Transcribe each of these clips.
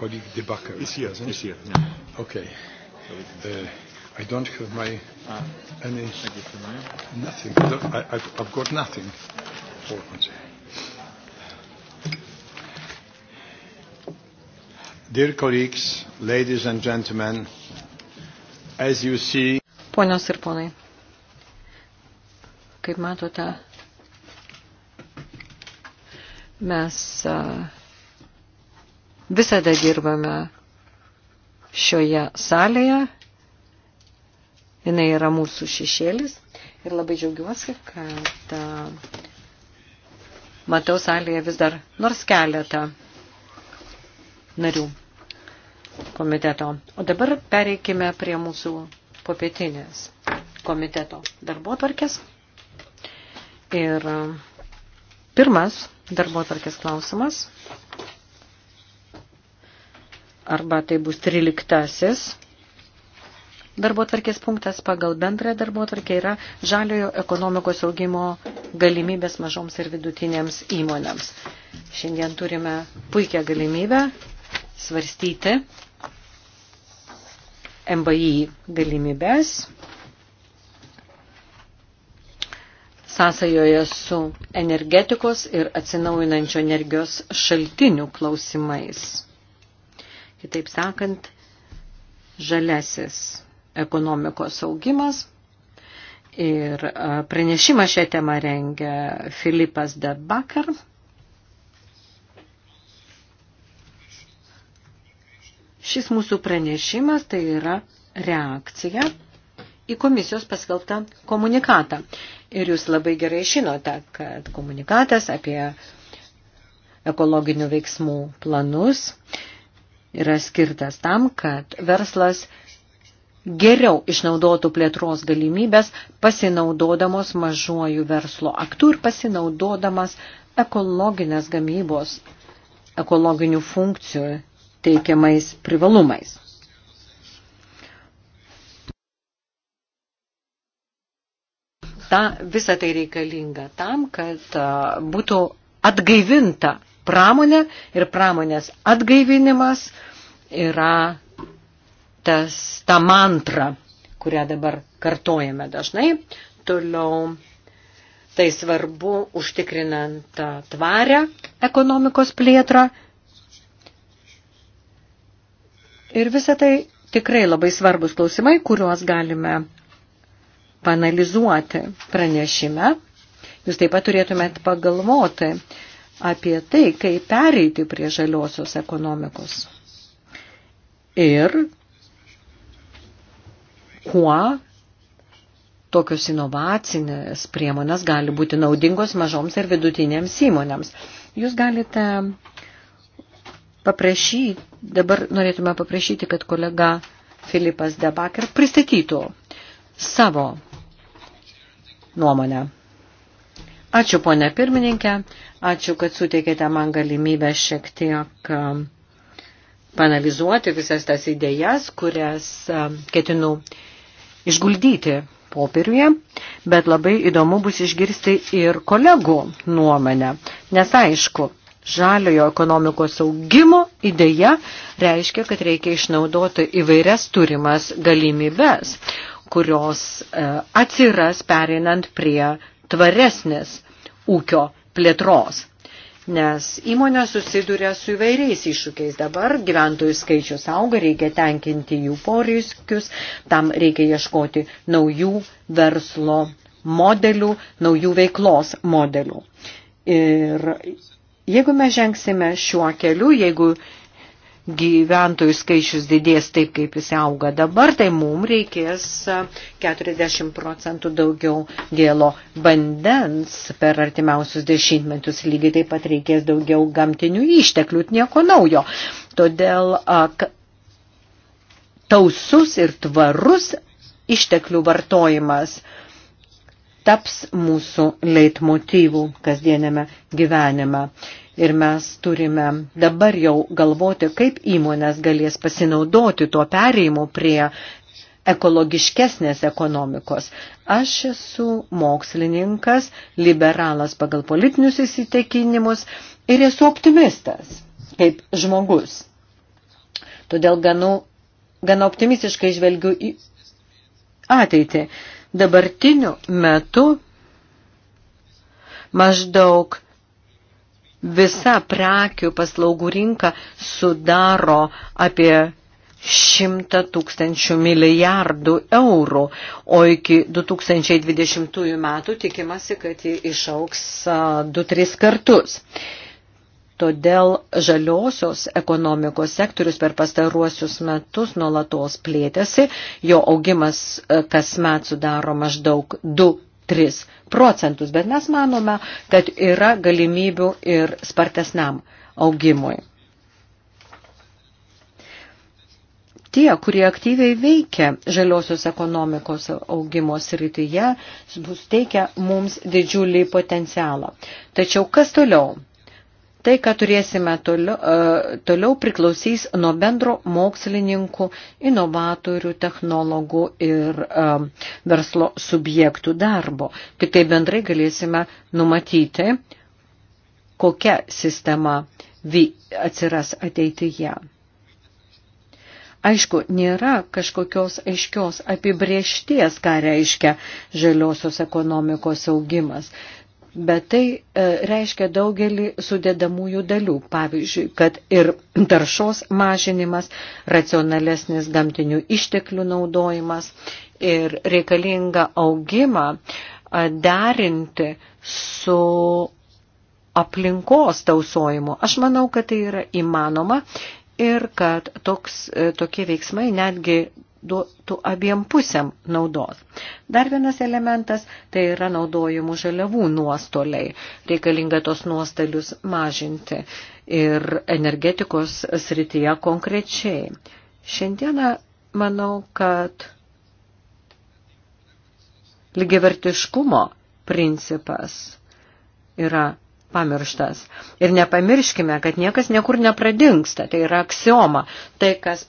colleague De Backer. Is here, isn't Is here, yeah. Okay. Uh, I don't have my ah, any nothing. I, I've, I've got nothing. Hold on. Dear colleagues, ladies and gentlemen, as you see. Ponios ir ponai, kaip matote, mes. Uh, Visada dirbame šioje salėje. Jis yra mūsų šešėlis. Ir labai džiaugiuosi, kad matau salėje vis dar nors keletą narių komiteto. O dabar pereikime prie mūsų popietinės komiteto darbo tvarkės. Ir pirmas darbo tvarkės klausimas arba tai bus triliktasis darbo tvarkės punktas pagal bendrąją darbo tvarkę yra žaliojo ekonomikos augimo galimybės mažoms ir vidutinėms įmonėms. Šiandien turime puikią galimybę svarstyti MBI galimybės sąsajoje su energetikos ir atsinaujinančio energijos šaltinių klausimais. Kitaip sakant, žalesis ekonomikos augimas. Ir e, pranešimą šią temą rengia Filipas Debakar. Šis mūsų pranešimas tai yra reakcija į komisijos paskelbtą komunikatą. Ir jūs labai gerai žinote, kad komunikatas apie ekologinių veiksmų planus yra skirtas tam, kad verslas geriau išnaudotų plėtros galimybės, pasinaudodamos mažuoju verslo aktu ir pasinaudodamas ekologinės gamybos, ekologinių funkcijų teikiamais privalumais. Ta, visa tai reikalinga tam, kad būtų atgaivinta pramonę ir pramonės atgaivinimas yra tas, ta mantra, kurią dabar kartojame dažnai. Toliau tai svarbu užtikrinant tvarę ekonomikos plėtrą. Ir visą tai tikrai labai svarbus klausimai, kuriuos galime panalizuoti pranešime. Jūs taip pat turėtumėt pagalvoti, apie tai, kaip pereiti prie žaliosios ekonomikos ir kuo tokios inovacinės priemonės gali būti naudingos mažoms ir vidutinėms įmonėms. Jūs galite paprašyti, dabar norėtume paprašyti, kad kolega Filipas Debaker pristatytų savo nuomonę. Ačiū, ponė pirmininkė, ačiū, kad suteikėte man galimybę šiek tiek um, panalizuoti visas tas idėjas, kurias um, ketinu išguldyti popieriuje, bet labai įdomu bus išgirsti ir kolegų nuomonę. Nes aišku, žaliojo ekonomikos augimo idėja reiškia, kad reikia išnaudoti įvairias turimas galimybės, kurios e, atsiras perinant prie tvaresnės ūkio plėtros. Nes įmonė susiduria su įvairiais iššūkiais. Dabar gyventojų skaičius auga, reikia tenkinti jų poreikius, tam reikia ieškoti naujų verslo modelių, naujų veiklos modelių. Ir jeigu mes žengsime šiuo keliu, jeigu gyventojų skaičius didės taip, kaip jis auga dabar, tai mums reikės 40 procentų daugiau gėlo vandens per artimiausius dešimtmetus. Lygiai taip pat reikės daugiau gamtinių išteklių, nieko naujo. Todėl tausus ir tvarus išteklių vartojimas taps mūsų leitmotyvų kasdienėme gyvenime. Ir mes turime dabar jau galvoti, kaip įmonės galės pasinaudoti tuo pereimu prie ekologiškesnės ekonomikos. Aš esu mokslininkas, liberalas pagal politinius įsitekinimus ir esu optimistas kaip žmogus. Todėl ganu, gana optimistiškai žvelgiu į ateitį. Dabartiniu metu maždaug visa prekių paslaugų rinka sudaro apie 100 tūkstančių milijardų eurų, o iki 2020 metų tikimasi, kad ji išauks 2-3 kartus. Todėl žaliosios ekonomikos sektorius per pastaruosius metus nuolatos plėtėsi, jo augimas kasmet sudaro maždaug 2 3 procentus, bet mes manome, kad yra galimybių ir spartesniam augimui. Tie, kurie aktyviai veikia žaliosios ekonomikos augimo srityje, bus teikia mums didžiulį potencialą. Tačiau kas toliau? Tai, ką turėsime toliau, e, toliau priklausys nuo bendro mokslininkų, inovatorių, technologų ir e, verslo subjektų darbo. Tik tai bendrai galėsime numatyti, kokia sistema atsiras ateityje. Aišku, nėra kažkokios aiškios apibriešties, ką reiškia žaliosios ekonomikos augimas bet tai e, reiškia daugelį sudėdamųjų dalių, pavyzdžiui, kad ir taršos mažinimas, racionalesnis gamtinių išteklių naudojimas ir reikalinga augimą e, derinti su aplinkos tausojimu. Aš manau, kad tai yra įmanoma ir kad toks, e, tokie veiksmai netgi duotų abiem pusėm naudos. Dar vienas elementas tai yra naudojimų žaliavų nuostoliai. Reikalinga tos nuostolius mažinti ir energetikos srityje konkrečiai. Šiandieną manau, kad lygivertiškumo principas yra pamirštas. Ir nepamirškime, kad niekas niekur nepradingsta. Tai yra aksioma. Tai, kas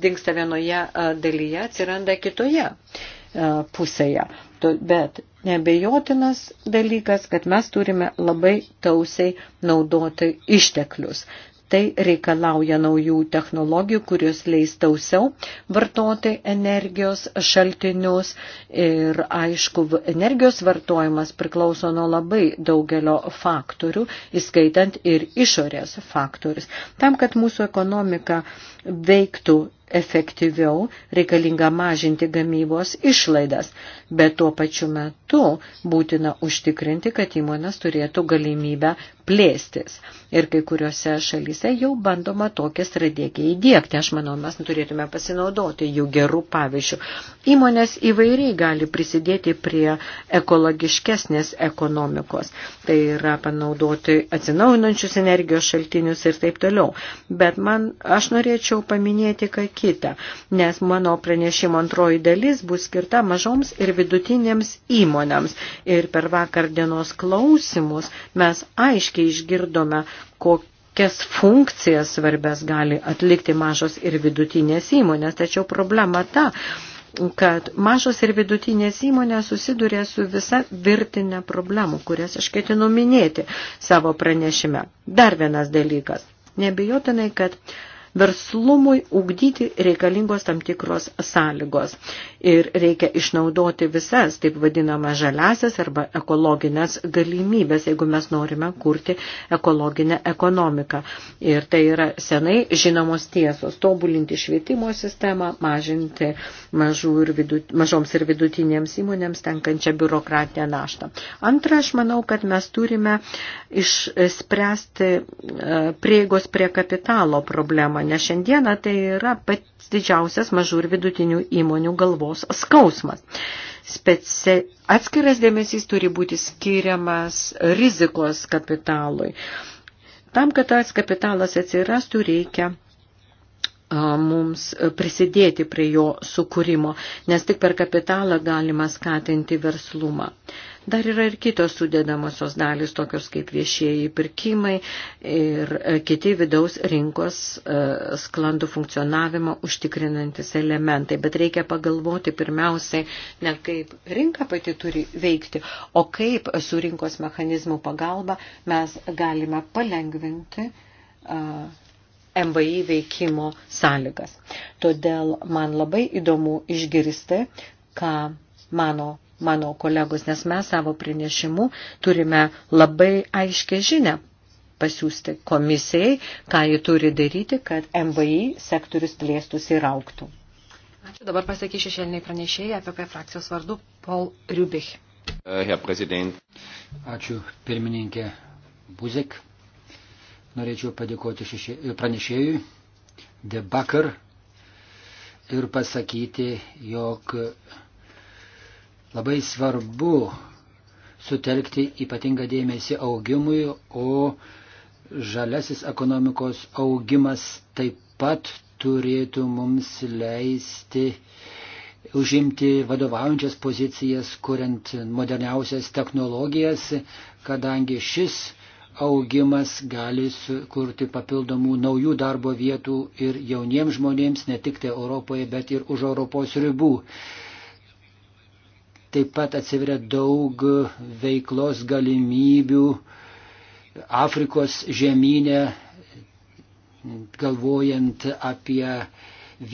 dinksta vienoje dalyje, atsiranda kitoje pusėje. Bet nebejotinas dalykas, kad mes turime labai tausiai naudoti išteklius. Tai reikalauja naujų technologijų, kurios leis tausiau vartoti energijos šaltinius ir aišku, energijos vartojimas priklauso nuo labai daugelio faktorių, įskaitant ir išorės faktorius. Tam, kad mūsų ekonomika veiktų efektyviau reikalinga mažinti gamybos išlaidas bet tuo pačiu metu būtina užtikrinti, kad įmonės turėtų galimybę plėstis. Ir kai kuriuose šalyse jau bandoma tokią strategiją įdėkti. Aš manau, mes turėtume pasinaudoti jų gerų pavyzdžių. Įmonės įvairiai gali prisidėti prie ekologiškesnės ekonomikos. Tai yra panaudoti atsinaujinančius energijos šaltinius ir taip toliau. Bet man, aš norėčiau paminėti ką kitą, nes mano pranešimo antroji dalis bus skirta mažoms ir vidutinėms vidutinėms įmonėms. Ir per vakar dienos klausimus mes aiškiai išgirdome, kokias funkcijas svarbės gali atlikti mažos ir vidutinės įmonės. Tačiau problema ta, kad mažos ir vidutinės įmonės susiduria su visa virtinė problemų, kurias aš ketinu minėti savo pranešime. Dar vienas dalykas. Nebijotinai, kad uh, verslumui ugdyti reikalingos tam tikros sąlygos. Ir reikia išnaudoti visas, taip vadinama, žaliasias arba ekologinės galimybės, jeigu mes norime kurti ekologinę ekonomiką. Ir tai yra senai žinomos tiesos - tobulinti švietimo sistemą, mažinti ir vidut, mažoms ir vidutinėms įmonėms tenkančią biurokratinę naštą. Antra, aš manau, kad mes turime išspręsti e, prieigos prie kapitalo problemą nes šiandieną tai yra pats didžiausias mažų ir vidutinių įmonių galvos skausmas. Speci... Atskiras dėmesys turi būti skiriamas rizikos kapitalui. Tam, kad tas kapitalas atsirastų, reikia mums prisidėti prie jo sukūrimo, nes tik per kapitalą galima skatinti verslumą. Dar yra ir kitos sudėdamosios dalys, tokios kaip viešieji pirkimai ir e, kiti vidaus rinkos e, sklandų funkcionavimą užtikrinantis elementai. Bet reikia pagalvoti pirmiausiai ne kaip rinka pati turi veikti, o kaip su rinkos mechanizmų pagalba mes galime palengvinti e, MVI veikimo sąlygas. Todėl man labai įdomu išgirsti, ką mano mano kolegos, nes mes savo pranešimu turime labai aiškę žinę pasiūsti komisijai, ką ji turi daryti, kad MVI sektorius plėstųsi ir auktų. Ačiū. Dabar pasakysiu šešėliniai pranešėjai apie frakcijos vardu Paul Rubich. Uh, Herr Präsident. Ačiū pirmininkė Buzik. Norėčiau padėkoti šešė, pranešėjui De Bakar ir pasakyti, jog Labai svarbu sutelkti ypatingą dėmesį augimui, o žalesis ekonomikos augimas taip pat turėtų mums leisti užimti vadovaujančias pozicijas, kuriant moderniausias technologijas, kadangi šis augimas gali sukurti papildomų naujų darbo vietų ir jauniems žmonėms, ne tik tai Europoje, bet ir už Europos ribų. Taip pat atsiveria daug veiklos galimybių Afrikos žemynė, galvojant apie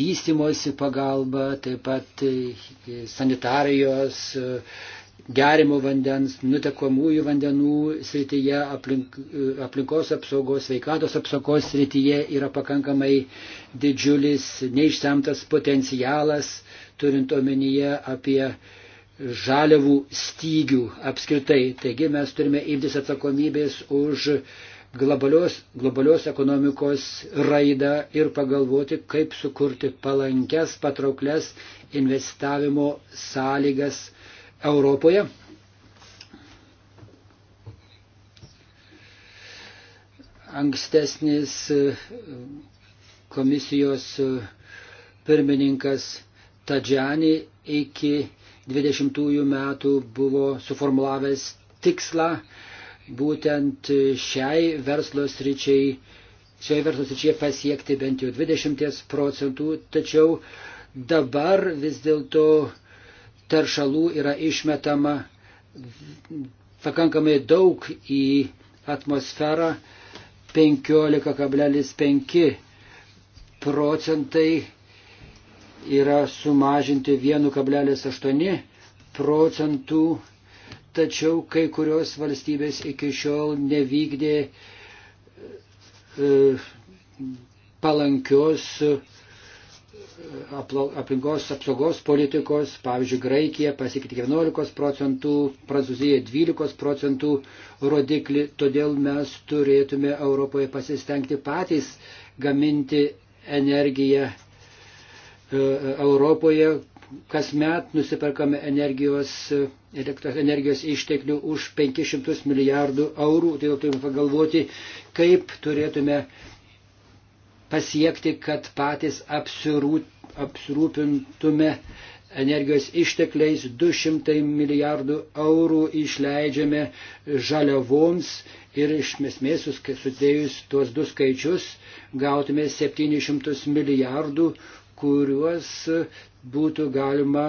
vystimosi pagalbą, taip pat sanitarijos, gerimo vandens, nutekamųjų vandenų srityje, aplink, aplinkos apsaugos, sveikatos apsaugos srityje yra pakankamai didžiulis, neišsemtas potencialas, turint omenyje apie žaliavų stygių apskritai. Taigi mes turime imtis atsakomybės už globalios, globalios ekonomikos raidą ir pagalvoti, kaip sukurti palankias, patrauklias investavimo sąlygas Europoje. Ankstesnis komisijos pirmininkas Tadžiani iki 20 metų buvo suformulavęs tikslą būtent šiai verslo sričiai, šioje verslo sričiai pasiekti bent jau 20 procentų, tačiau dabar vis dėlto teršalų yra išmetama pakankamai daug į atmosferą 15,5 procentai yra sumažinti 1,8 procentų, tačiau kai kurios valstybės iki šiol nevykdė e, palankios e, aplinkos apsaugos politikos, pavyzdžiui, Graikija pasikeitė 11 procentų, Prancūzija 12 procentų rodiklį, todėl mes turėtume Europoje pasistengti patys gaminti energiją E, Europoje kasmet nusiperkame energijos, e, elektros energijos išteklių už 500 milijardų eurų. Tai turime pagalvoti, kaip turėtume pasiekti, kad patys apsirū, apsirūpintume energijos ištekliais 200 milijardų eurų išleidžiame žaliavoms ir iš esmės sudėjus tuos du skaičius gautume 700 milijardų kuriuos būtų galima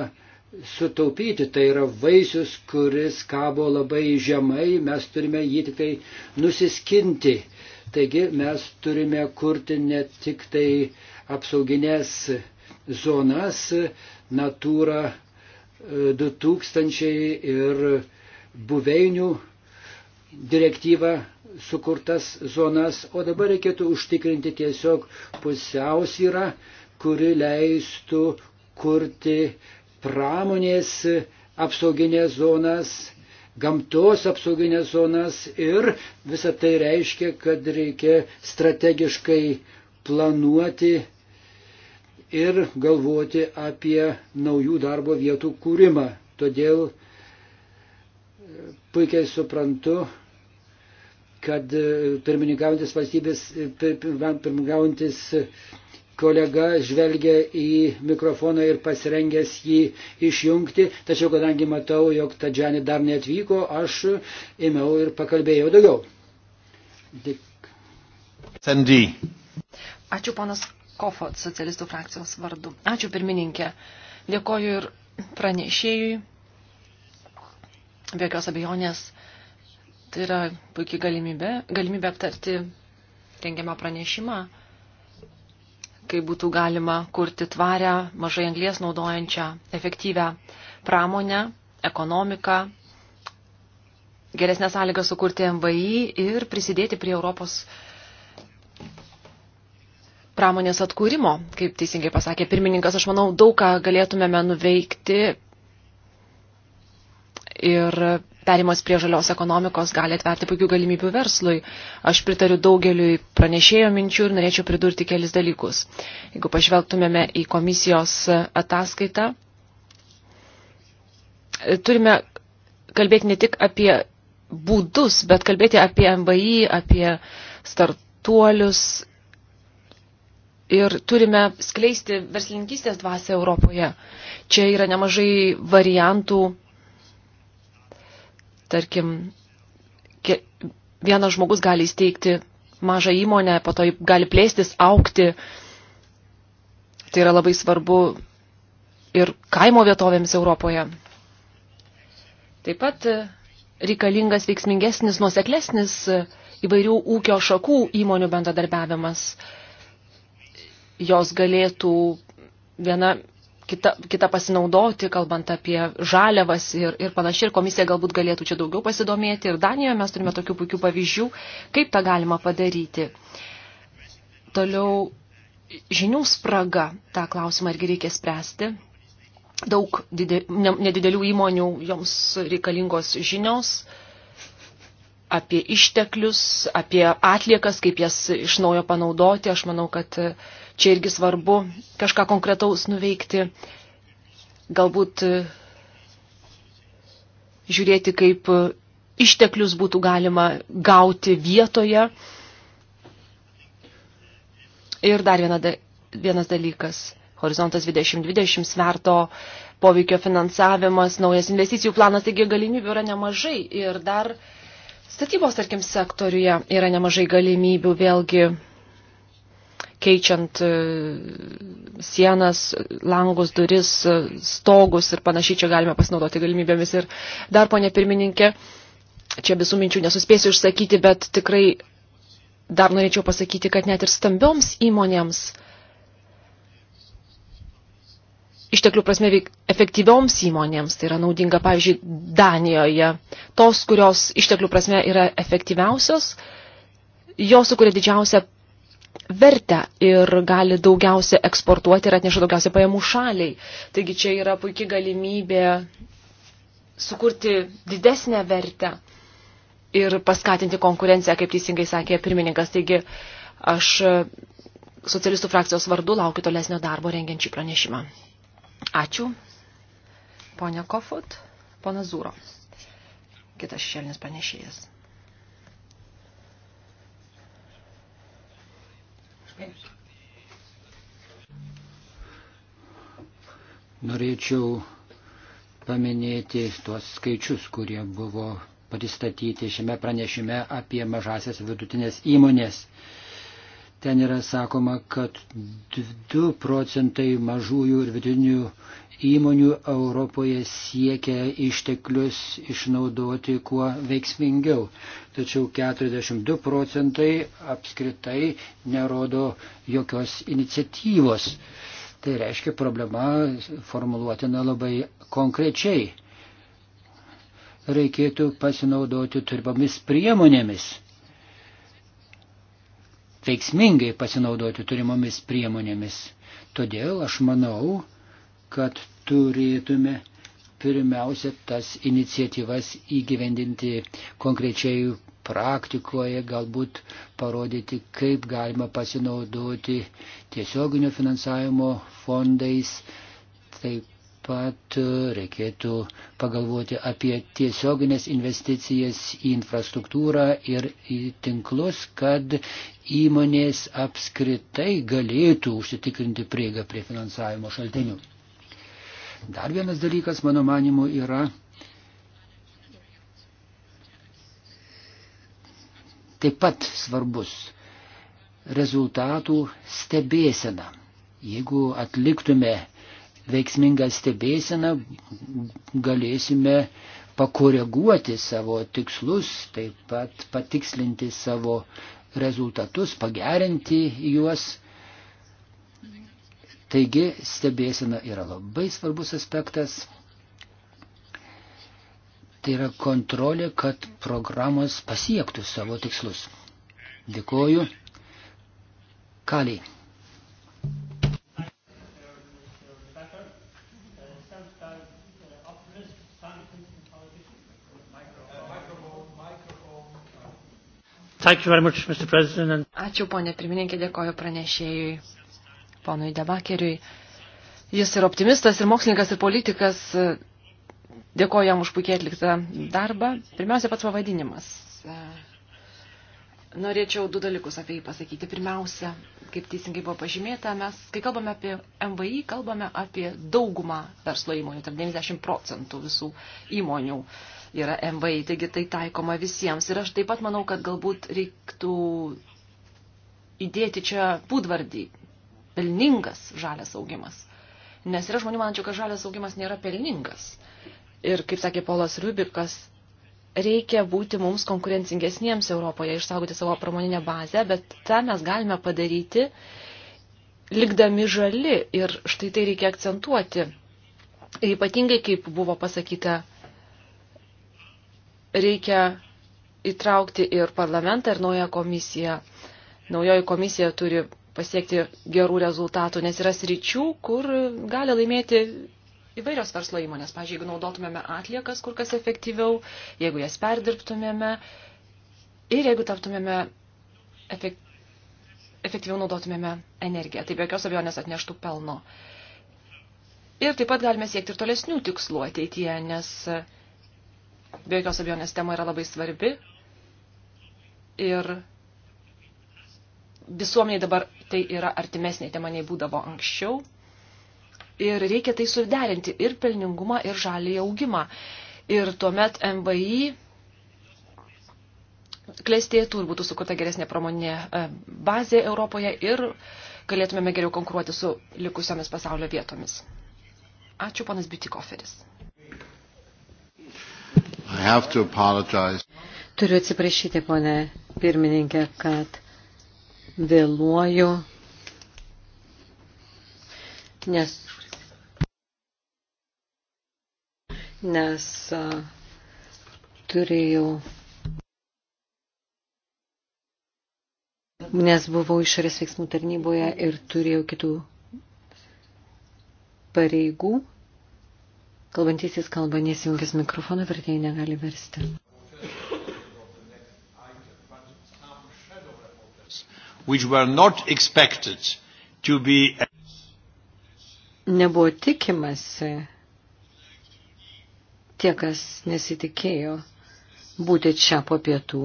sutaupyti. Tai yra vaisius, kuris kabo labai žemai, mes turime jį tik tai nusiskinti. Taigi mes turime kurti ne tik tai apsauginės zonas, natūra 2000 e, ir buveinių direktyva sukurtas zonas, o dabar reikėtų užtikrinti tiesiog pusiausvyrą kuri leistų kurti pramonės apsauginės zonas, gamtos apsauginės zonas ir visa tai reiškia, kad reikia strategiškai planuoti ir galvoti apie naujų darbo vietų kūrimą. Todėl e, puikiai suprantu, kad e, pirmininkaujantis valstybės, e, pirmininkaujantis kolega žvelgia į mikrofoną ir pasirengęs jį išjungti, tačiau kadangi matau, jog Tadžiani dar neatvyko, aš ėmiau ir pakalbėjau daugiau. Dik. Sandy. Ačiū ponas Kofot, socialistų frakcijos vardu. Ačiū pirmininkė. Dėkoju ir pranešėjui. Be jokios abejonės, tai yra puikiai galimybė, galimybė aptarti rengiamą pranešimą kaip būtų galima kurti tvarę, mažai anglės naudojančią, efektyvę pramonę, ekonomiką, geresnę sąlygą sukurti MVI ir prisidėti prie Europos pramonės atkūrimo, kaip teisingai pasakė pirmininkas, aš manau, daug ką galėtumėme nuveikti ir perimas prie žalios ekonomikos gali atverti puikių galimybių verslui. Aš pritariu daugeliui pranešėjo minčių ir norėčiau pridurti kelis dalykus. Jeigu pažvelgtumėme į komisijos ataskaitą, turime kalbėti ne tik apie būdus, bet kalbėti apie MBI, apie startuolius ir turime skleisti verslininkystės dvasę Europoje. Čia yra nemažai variantų Tarkim, vienas žmogus gali įsteigti mažą įmonę, po to gali plėstis, aukti. Tai yra labai svarbu ir kaimo vietovėms Europoje. Taip pat e, reikalingas veiksmingesnis, nuoseklesnis e, įvairių ūkio šakų įmonių bendradarbiavimas. Jos galėtų viena kita, kita pasinaudoti, kalbant apie žaliavas ir, ir panašiai. Ir komisija galbūt galėtų čia daugiau pasidomėti. Ir Danijoje mes turime tokių puikių pavyzdžių, kaip tą galima padaryti. Toliau žinių spraga, tą klausimą irgi reikia spręsti. Daug didė, ne, nedidelių įmonių joms reikalingos žinios apie išteklius, apie atliekas, kaip jas iš naujo panaudoti. Aš manau, kad čia irgi svarbu kažką konkretaus nuveikti, galbūt e, žiūrėti, kaip e, išteklius būtų galima gauti vietoje. Ir dar viena, vienas dalykas – horizontas 2020 sverto poveikio finansavimas, naujas investicijų planas, taigi galimybių yra nemažai. Ir dar statybos, tarkim, sektoriuje yra nemažai galimybių vėlgi keičiant e, sienas, langus, duris, e, stogus ir panašiai čia galime pasinaudoti galimybėmis. Ir dar, ponė pirmininkė, čia visų minčių nesuspėsiu išsakyti, bet tikrai dar norėčiau pasakyti, kad net ir stambioms įmonėms, išteklių prasme veik, efektyvioms įmonėms, tai yra naudinga, pavyzdžiui, Danijoje, tos, kurios išteklių prasme yra efektyviausios, jos sukuria didžiausią vertę ir gali daugiausia eksportuoti ir atneša daugiausia pajamų šaliai. Taigi čia yra puikia galimybė sukurti didesnę vertę ir paskatinti konkurenciją, kaip teisingai sakė pirmininkas. Taigi aš socialistų frakcijos vardu laukiu tolesnio darbo rengiančių pranešimą. Ačiū. Pone Kofut, pona Zūro. Kitas šešėlinis pranešėjas. Norėčiau paminėti tuos skaičius, kurie buvo pristatyti šiame pranešime apie mažasias vidutinės įmonės. Ten yra sakoma, kad 2 procentai mažųjų ir vidutinių įmonių Europoje siekia išteklius išnaudoti kuo veiksmingiau. Tačiau 42 procentai apskritai nerodo jokios iniciatyvos. Tai reiškia problema formuluotina labai konkrečiai. Reikėtų pasinaudoti turbomis priemonėmis veiksmingai pasinaudoti turimomis priemonėmis. Todėl aš manau, kad turėtume pirmiausia tas iniciatyvas įgyvendinti konkrečiai praktikoje, galbūt parodyti, kaip galima pasinaudoti tiesioginio finansavimo fondais. Taip pat e, reikėtų pagalvoti apie tiesioginės investicijas į infrastruktūrą ir į tinklus, kad įmonės apskritai galėtų užsitikrinti prieigą prie finansavimo šaltinių. Mm. Dar vienas dalykas, mano manimu, yra taip pat svarbus rezultatų stebėsena. Jeigu atliktume veiksmingą stebėseną, galėsime pakoreguoti savo tikslus, taip pat patikslinti savo rezultatus, pagerinti juos. Taigi stebėsena yra labai svarbus aspektas. Tai yra kontrolė, kad programos pasiektų savo tikslus. Dėkoju. Kaliai. Much, Ačiū, ponė pirmininkė, dėkoju pranešėjui ponui Debakeriui. Jis ir optimistas, ir mokslininkas, ir politikas. Dėkoju jam už puikiai atliktą darbą. Pirmiausia, pats pavadinimas. Norėčiau du dalykus apie jį pasakyti. Pirmiausia, kaip teisingai buvo pažymėta, mes, kai kalbame apie MVI, kalbame apie daugumą verslo įmonių, tarp 90 procentų visų įmonių yra MVI, taigi tai taikoma visiems. Ir aš taip pat manau, kad galbūt reiktų įdėti čia būdvardį pelningas žalias augimas. Nes yra žmonių manančių, kad žalias augimas nėra pelningas. Ir, kaip sakė Polas Rubikas, reikia būti mums konkurencingesniems Europoje, išsaugoti savo pramoninę bazę, bet tą mes galime padaryti, likdami žali. Ir štai tai reikia akcentuoti. Ir ypatingai, kaip buvo pasakyta, reikia įtraukti ir parlamentą, ir naują komisiją. Naujoji komisija turi pasiekti gerų rezultatų, nes yra sričių, kur gali laimėti įvairios verslo įmonės. Pavyzdžiui, jeigu naudotumėme atliekas kur kas efektyviau, jeigu jas perdirbtumėme ir jeigu taptumėme efekt... efektyviau naudotumėme energiją, tai be jokios abejonės atneštų pelno. Ir taip pat galime siekti ir tolesnių tikslų ateityje, nes be jokios abejonės tema yra labai svarbi ir visuomeniai dabar tai yra artimesnė tema nei būdavo anksčiau. Ir reikia tai suderinti ir pelningumą, ir žalį augimą. Ir tuomet MVI klestėtų ir būtų sukurta geresnė pramoninė e, bazė Europoje ir galėtumėme geriau konkuruoti su likusiomis pasaulio vietomis. Ačiū, ponas Bitikoferis. Turiu atsiprašyti, ponė pirmininkė, kad vėluoju, nes, nes a, turėjau, nes buvau išorės veiksmų tarnyboje ir turėjau kitų pareigų. Kalbantysis kalba nesijungęs mikrofoną, vertėjai negali versti. which were not expected to be Nebuvo tikimasi tie, kas nesitikėjo būti čia po pietų,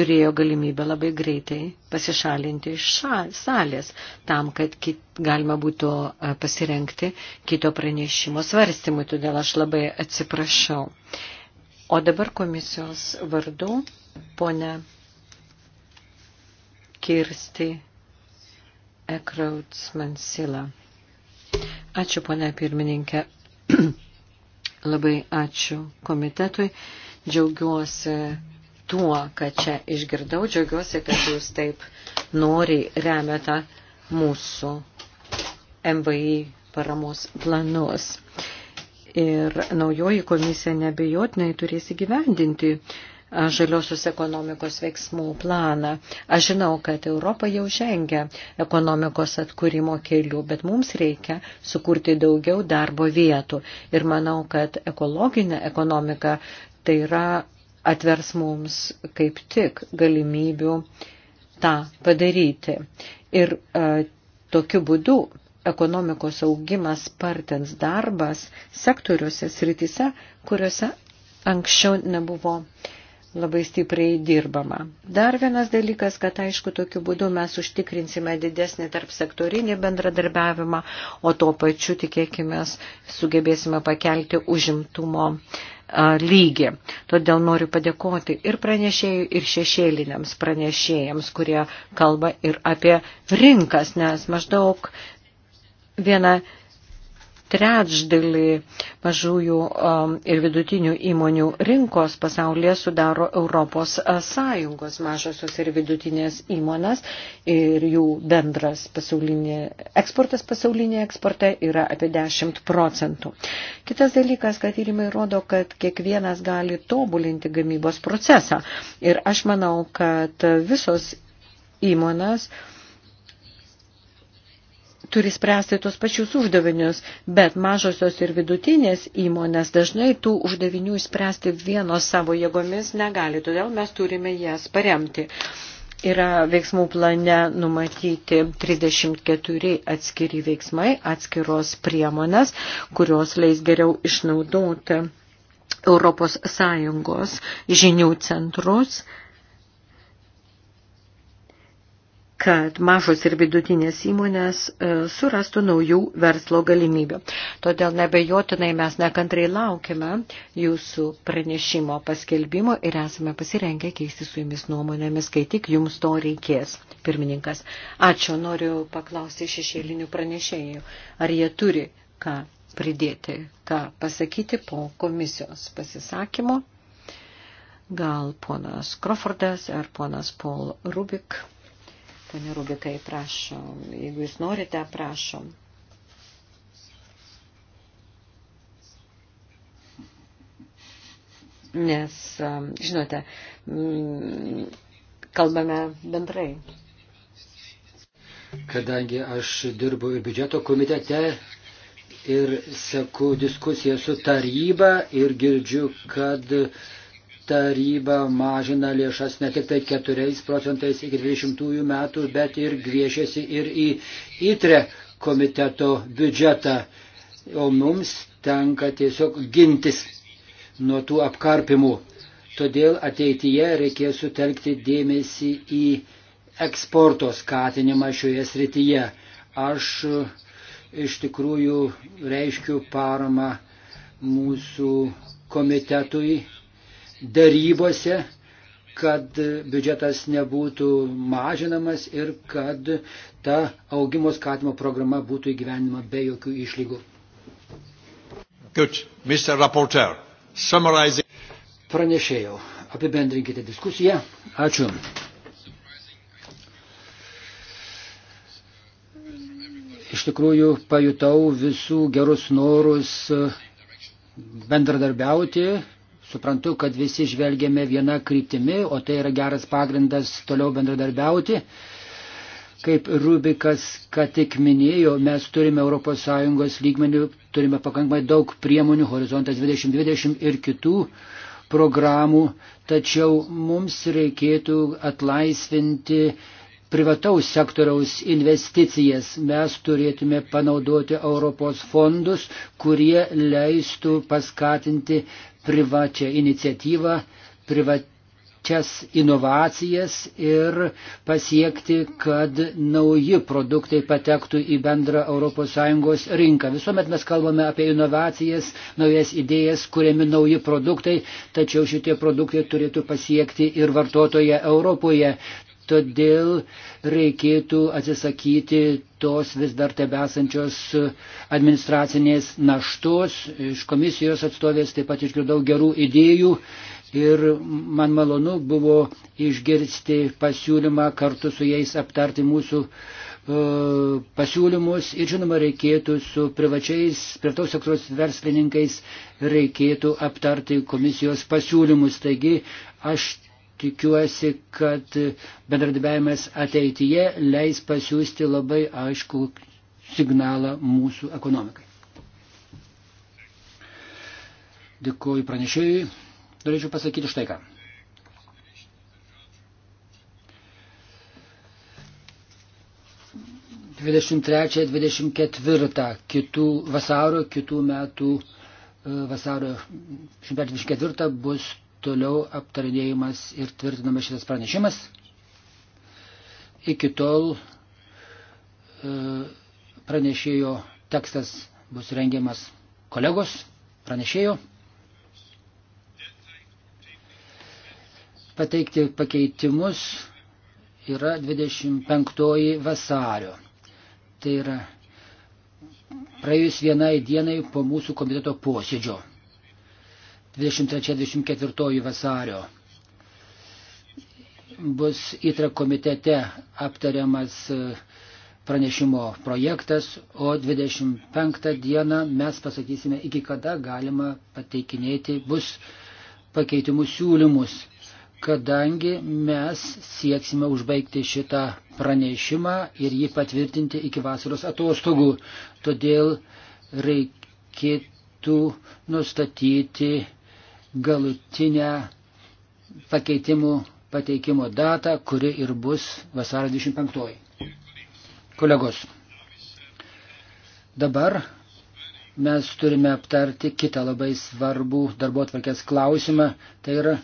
turėjo galimybę labai greitai pasišalinti iš salės, tam, kad kit, galima būtų e, pasirenkti kito pranešimo svarstymui, todėl aš labai atsiprašau. O dabar komisijos vardu, ponia Kirsti Ekrauts Mansila. Ačiū, ponia pirmininkė. Labai ačiū komitetui. Džiaugiuosi tuo, kad čia išgirdau. Džiaugiuosi, kad jūs taip noriai remiate mūsų MVI paramos planus. Ir naujoji komisija nebejotinai turės įgyvendinti uh, žaliosios ekonomikos veiksmų planą. Aš žinau, kad Europa jau žengia ekonomikos atkūrimo keliu, bet mums reikia sukurti daugiau darbo vietų. Ir manau, kad ekologinė ekonomika tai yra atvers mums kaip tik galimybių tą padaryti. Ir e, tokiu būdu ekonomikos augimas spartins darbas sektoriuose sritise, kuriuose anksčiau nebuvo uh, labai stipriai dirbama. Dar vienas dalykas, kad aišku, tokiu būdu mes užtikrinsime didesnį tarp sektorinį bendradarbiavimą, o to pačiu, tikėkime, sugebėsime pakelti užimtumo lygį. Todėl noriu padėkoti ir pranešėjų, ir šešėliniams pranešėjams, kurie kalba ir apie rinkas, nes maždaug viena trečdalį mažųjų um, ir vidutinių įmonių rinkos pasaulyje sudaro Europos Sąjungos mažosios ir vidutinės įmonės ir jų bendras pasaulinė, eksportas pasaulinė eksporte yra apie 10 procentų. Kitas dalykas, kad tyrimai rodo, kad kiekvienas gali tobulinti gamybos procesą ir aš manau, kad visos įmonės turi spręsti tos pačius uždavinius, bet mažosios ir vidutinės įmonės dažnai tų uždavinių spręsti vienos savo jėgomis negali, todėl mes turime jas paremti. Yra veiksmų plane numatyti 34 atskiri veiksmai, atskiros priemonės, kurios leis geriau išnaudoti Europos Sąjungos žinių centrus kad mažos ir vidutinės įmonės e, surastų naujų verslo galimybių. Todėl nebejotinai mes nekantrai laukime jūsų pranešimo paskelbimo ir esame pasirengę keisti su jumis nuomonėmis, kai tik jums to reikės. Pirmininkas, ačiū, noriu paklausti šešėlinių pranešėjų, ar jie turi ką pridėti, ką pasakyti po komisijos pasisakymo. Gal ponas Crawfordas ar ponas Paul Rubik. Pane Rubikai, prašom, jeigu jūs norite, prašom. Nes, um, žinote, mm, kalbame bendrai. Kadangi aš dirbu ir biudžeto komitete ir seku diskusiją su taryba ir girdžiu, kad uh, taryba mažina lėšas ne tik tai 4 procentais iki 20 metų, bet ir griežėsi ir į įtre komiteto biudžetą. O mums tenka tiesiog gintis nuo tų apkarpimų. Todėl ateityje reikės sutelkti dėmesį į eksporto skatinimą šioje srityje. Aš e, iš tikrųjų reiškiu paramą mūsų komitetui darybose, kad biudžetas nebūtų mažinamas ir kad ta augimo skatimo programa būtų įgyvenima be jokių išlygų. Good. Mr. Rapporteur, summarizing. Pranešėjau. Apibendrinkite diskusiją. Ačiū. Iš tikrųjų, pajutau visų gerus norus e, bendradarbiauti Suprantu, kad visi žvelgiame vieną kryptimį, o tai yra geras pagrindas toliau bendradarbiauti. Kaip Rubikas, ką tik minėjo, mes turime ES lygmenių, turime pakankamai daug priemonių, Horizontas 2020 ir kitų programų, tačiau mums reikėtų atlaisvinti privataus sektoriaus investicijas mes turėtume panaudoti Europos fondus, kurie leistų paskatinti privačią iniciatyvą, privačias inovacijas ir pasiekti, kad nauji produktai patektų į bendrą ES rinką. Visuomet mes kalbame apie inovacijas, naujas idėjas, kuriami nauji produktai, tačiau šitie produktai turėtų pasiekti ir vartotoje Europoje. Todėl reikėtų atsisakyti tos vis dar tebesančios administracinės naštos. Iš komisijos atstovės taip pat išgirdau gerų idėjų ir man malonu buvo išgirsti pasiūlymą kartu su jais aptarti mūsų e, pasiūlymus ir žinoma reikėtų su privačiais, privataus sektoriaus verslininkais reikėtų aptarti komisijos pasiūlymus. Taigi aš tikiuosi, kad bendradarbiavimas ateityje leis pasiūsti labai aišku signalą mūsų ekonomikai. Dėkuoju pranešėjui. Norėčiau pasakyti štai ką. Dvidešimt trečią, dvidešimt ketvirtą kitų vasario, kitų metų e, vasario 124 bus toliau aptarinėjimas ir tvirtinamas šitas pranešimas. Iki tol e, pranešėjo tekstas bus rengiamas kolegos pranešėjo. Pateikti pakeitimus yra 25 vasario. Tai yra praėjus vienai dienai po mūsų komiteto posėdžio. 23-24 vasario bus įtra komitete aptariamas e, pranešimo projektas, o 25 dieną mes pasakysime, iki kada galima pateikinėti bus pakeitimų siūlymus, kadangi mes sieksime užbaigti šitą pranešimą ir jį patvirtinti iki vasaros atostogų. Todėl reikėtų nustatyti galutinę pakeitimų pateikimo datą, kuri ir bus vasario 25. Kolegos, dabar mes turime aptarti kitą labai svarbų darbo atvarkės klausimą, tai yra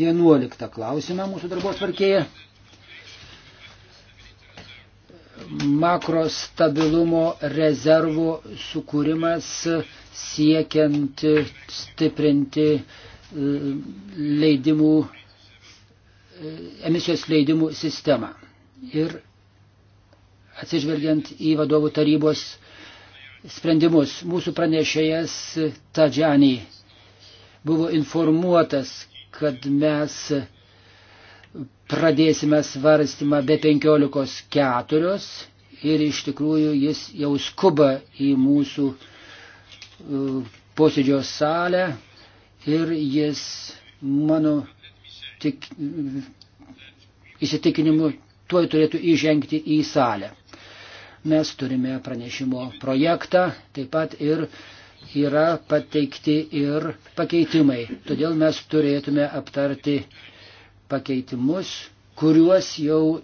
11 klausimą mūsų darbo atvarkėje makro stabilumo rezervų sukūrimas siekiant stiprinti e, leidimų, e, emisijos leidimų sistemą. Ir atsižvelgiant į vadovų tarybos sprendimus, mūsų pranešėjas Tadžianį buvo informuotas, kad mes pradėsime svarstymą be 15.4 ir iš tikrųjų jis jau skuba į mūsų e, posėdžio salę ir jis mano tik, įsitikinimu tuoj turėtų įžengti į salę. Mes turime pranešimo projektą, taip pat ir yra pateikti ir pakeitimai. Todėl mes turėtume aptarti pakeitimus, kuriuos jau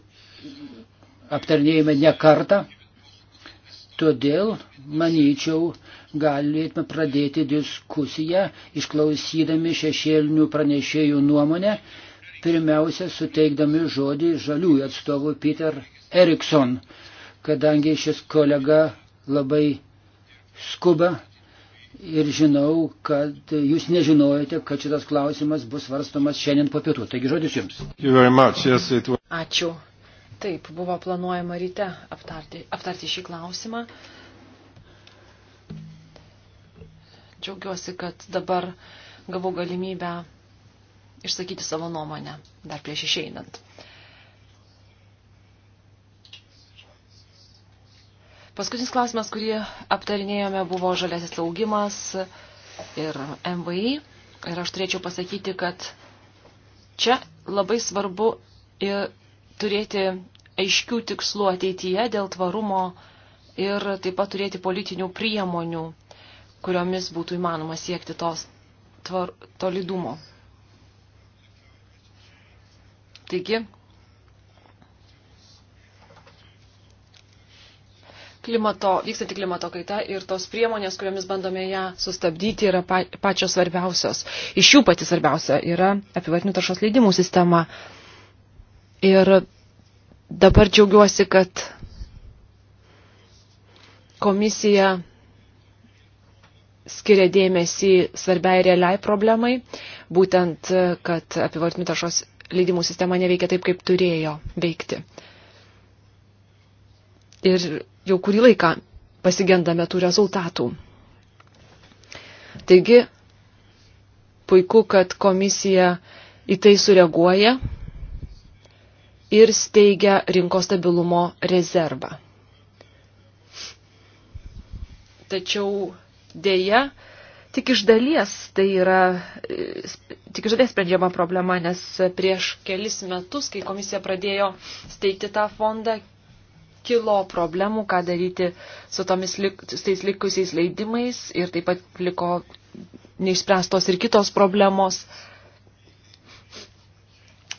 aptarnėjome ne kartą. Todėl, manyčiau, galėtume pradėti diskusiją, išklausydami šešėlinių pranešėjų nuomonę, pirmiausia, suteikdami žodį žaliųjų atstovų Peter Erikson, kadangi šis kolega labai skuba ir žinau, kad jūs nežinojate, kad šitas klausimas bus svarstomas šiandien po pietų. Taigi žodis jums. Yes, was... Ačiū. Taip, buvo planuojama ryte aptarti, aptarti šį klausimą. Džiaugiuosi, kad dabar gavau galimybę išsakyti savo nuomonę dar prieš išeinant. Uh, Paskutinis klausimas, kurį aptarinėjome, buvo žaliasis augimas ir MVI. Ir aš turėčiau pasakyti, kad čia labai svarbu turėti aiškių tikslų ateityje dėl tvarumo ir taip pat turėti politinių priemonių, kuriomis būtų įmanoma siekti tos tvar, tolidumo. Taigi, klimato, vykstanti klimato kaita ir tos priemonės, kuriomis bandome ją sustabdyti, yra pačios svarbiausios. Iš jų pati svarbiausia yra apivartinių taršos leidimų sistema. Ir dabar džiaugiuosi, kad komisija skiria dėmesį svarbiai realiai problemai, būtent, kad apivartinių taršos leidimų sistema neveikia taip, kaip turėjo veikti ir jau kurį laiką pasigendame tų rezultatų. Taigi, puiku, kad komisija į tai sureaguoja ir steigia rinkos stabilumo rezervą. Tačiau dėja, tik iš dalies tai yra, tik iš dalies sprendžiama problema, nes prieš kelis metus, kai komisija pradėjo steigti tą fondą, kilo problemų, ką daryti su, tomis, su tais likusiais leidimais ir taip pat liko neišspręstos ir kitos problemos.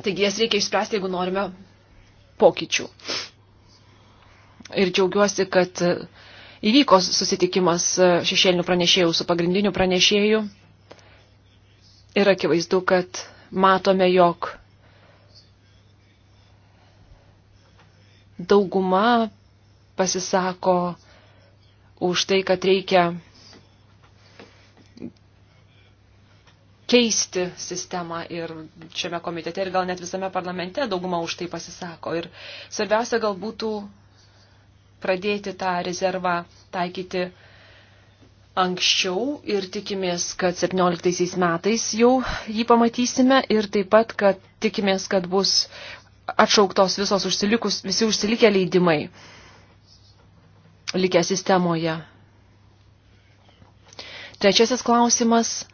Taigi jas reikia išspręsti, jeigu norime pokyčių. Ir džiaugiuosi, kad įvyko susitikimas šešėlinių pranešėjų su pagrindiniu pranešėju. Ir akivaizdu, kad matome, jog dauguma pasisako už tai, kad reikia keisti sistemą ir šiame komitete ir gal net visame parlamente dauguma už tai pasisako. Ir svarbiausia gal būtų pradėti tą rezervą taikyti anksčiau ir tikimės, kad 17 metais jau jį pamatysime ir taip pat, kad tikimės, kad bus atšauktos visos užsilikus, visi užsilikę leidimai likę sistemoje. Trečiasis klausimas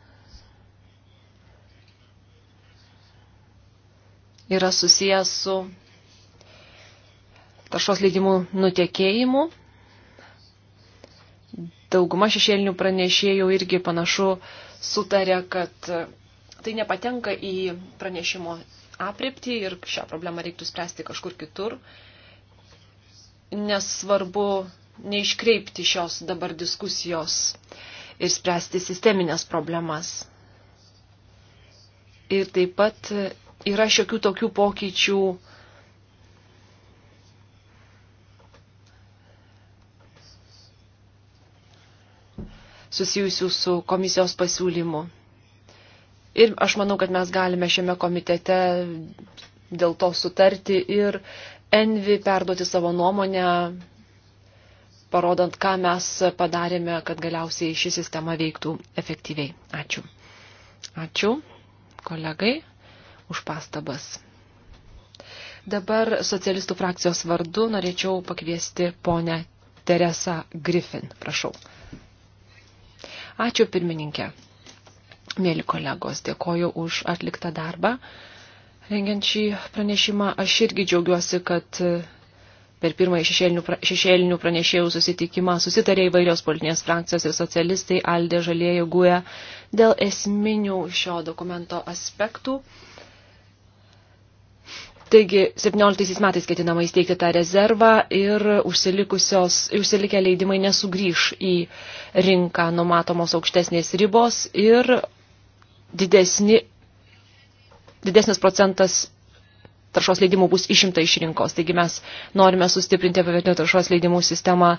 yra susijęs su taršos leidimų nutekėjimu. Dauguma šešėlinių pranešėjų irgi panašu sutarė, kad tai nepatenka į pranešimo apreptį ir šią problemą reiktų spręsti kažkur kitur. Nesvarbu neiškreipti šios dabar diskusijos ir spręsti sisteminės problemas. Ir taip pat yra šiokių tokių pokyčių susijusių su komisijos pasiūlymu Ir aš manau, kad mes galime šiame komitete dėl to sutarti ir Envi perduoti savo nuomonę, parodant, ką mes padarėme, kad galiausiai ši sistema veiktų efektyviai. Ačiū. Ačiū, kolegai, už pastabas. Dabar socialistų frakcijos vardu norėčiau pakviesti ponę Teresą Griffin. Prašau. Ačiū pirmininkė. Mėly kolegos, dėkoju už atliktą darbą. Rengiant šį pranešimą, aš irgi džiaugiuosi, kad e, per pirmąjį šešėlinių pranešėjų susitikimą susitarė įvairios politinės frakcijos ir socialistai Aldė Žalėjų Guja dėl esminių šio dokumento aspektų. Taigi 17 metais ketinama įsteigti tą rezervą ir užsilikę leidimai nesugrįž į rinką numatomos aukštesnės ribos ir didesni, didesnis procentas taršos leidimų bus išimta iš rinkos. Taigi mes norime sustiprinti apivetinių taršos leidimų sistemą,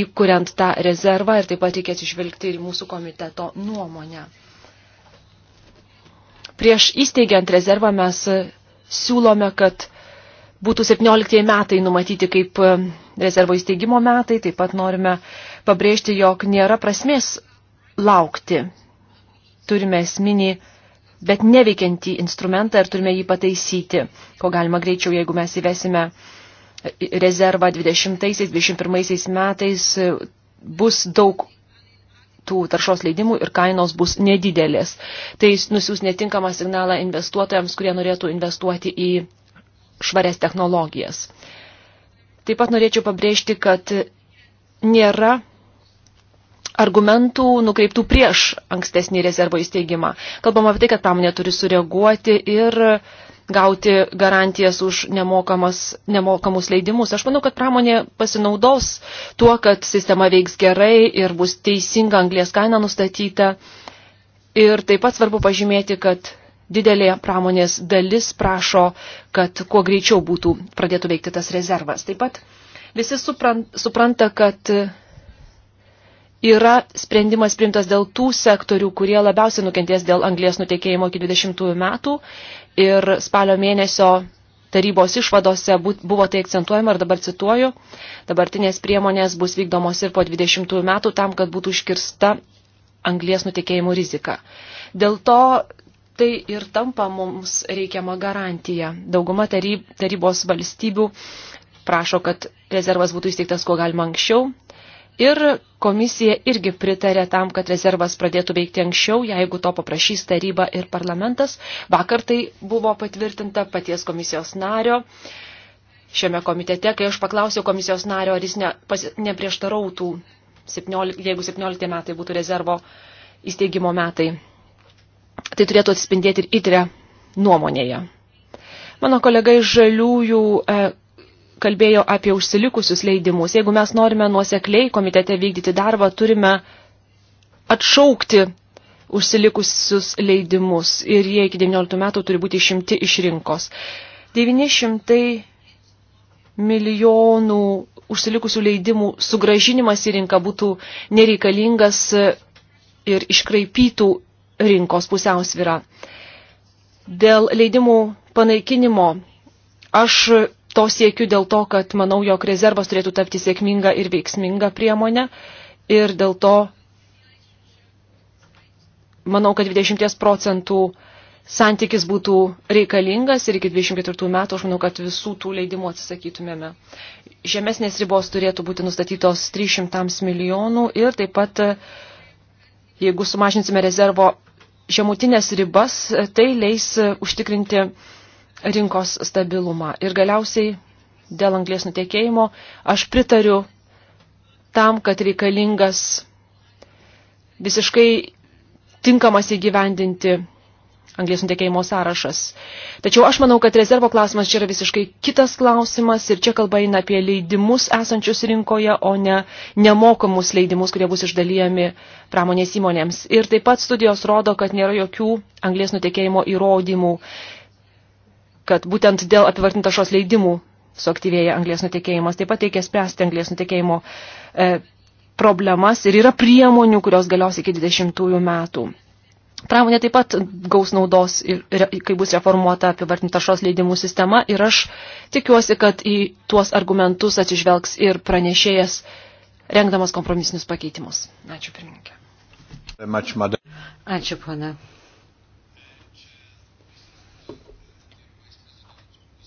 įkuriant tą rezervą ir taip pat reikės išvelgti ir mūsų komiteto nuomonę. Prieš įsteigiant rezervą mes siūlome, kad būtų 17 metai numatyti kaip rezervo įsteigimo metai. Taip pat norime pabrėžti, jog nėra prasmės laukti turime esminį, bet neveikiantį instrumentą ir turime jį pataisyti, ko galima greičiau, jeigu mes įvesime rezervą 20-21 metais, bus daug tų taršos leidimų ir kainos bus nedidelės. Tai nusiūs netinkamą signalą investuotojams, kurie norėtų investuoti į švarias technologijas. Taip pat norėčiau pabrėžti, kad nėra argumentų nukreiptų prieš ankstesnį rezervo įsteigimą. Kalbama apie tai, kad pramonė turi sureaguoti ir gauti garantijas už nemokamas, nemokamus leidimus. Aš manau, kad pramonė pasinaudos tuo, kad sistema veiks gerai ir bus teisinga anglės kaina nustatyta. Ir taip pat svarbu pažymėti, kad didelė pramonės dalis prašo, kad kuo greičiau būtų pradėtų veikti tas rezervas. Taip pat visi supranta, supranta kad yra sprendimas priimtas dėl tų sektorių, kurie labiausiai nukentės dėl anglės nutekėjimo iki 20 metų ir spalio mėnesio tarybos išvadose buvo tai akcentuojama ir dabar cituoju, dabartinės priemonės bus vykdomos ir po 20 metų tam, kad būtų iškirsta anglės nutekėjimų rizika. Dėl to tai ir tampa mums reikiama garantija. Dauguma taryb, tarybos valstybių prašo, kad rezervas būtų įsteigtas kuo galima anksčiau, Ir komisija irgi pritarė tam, kad rezervas pradėtų veikti anksčiau, jeigu to paprašys taryba ir parlamentas. Vakar tai buvo patvirtinta paties komisijos nario. Šiame komitete, kai aš paklausiau komisijos nario, ar jis ne, pas, neprieštarautų, 17, jeigu 17 metai būtų rezervo įsteigimo metai, tai turėtų atsispindėti ir įtrė nuomonėje. Mano kolega iš žaliųjų e, kalbėjo apie užsilikusius leidimus. Jeigu mes norime nuosekliai komitete vykdyti darbą, turime atšaukti užsilikusius leidimus ir jie iki 19 metų turi būti išimti iš rinkos. 900 milijonų užsilikusių leidimų sugražinimas į rinką būtų nereikalingas ir iškraipytų rinkos pusiausvyrą. Dėl leidimų panaikinimo aš to siekiu dėl to, kad manau, jog rezervas turėtų tapti sėkminga ir veiksminga priemonė ir dėl to manau, kad 20 procentų santykis būtų reikalingas ir iki 24 metų aš manau, kad visų tų leidimų atsisakytumėme. Žemesnės ribos turėtų būti nustatytos 300 milijonų ir taip pat, jeigu sumažinsime rezervo žemutinės ribas, tai leis užtikrinti rinkos stabilumą. Ir galiausiai dėl anglės nutekėjimo aš pritariu tam, kad reikalingas visiškai tinkamas įgyvendinti anglės nutekėjimo sąrašas. Tačiau aš manau, kad rezervo klausimas čia yra visiškai kitas klausimas ir čia kalba eina apie leidimus esančius rinkoje, o ne nemokamus leidimus, kurie bus išdalyjami pramonės įmonėms. Ir taip pat studijos rodo, kad nėra jokių anglės nutekėjimo įrodymų kad būtent dėl apivartinta šios leidimų suaktyvėja anglės nutekėjimas. Taip pat reikia spręsti anglės nutekėjimo e, problemas ir yra priemonių, kurios galios iki 20 metų. Pramonė taip pat gaus naudos, ir, ir, kai bus reformuota apivartinta šios leidimų sistema ir aš tikiuosi, kad į tuos argumentus atsižvelgs ir pranešėjas, rengdamas kompromisinius pakeitimus. Ačiū pirmininkė. Ačiū, pana.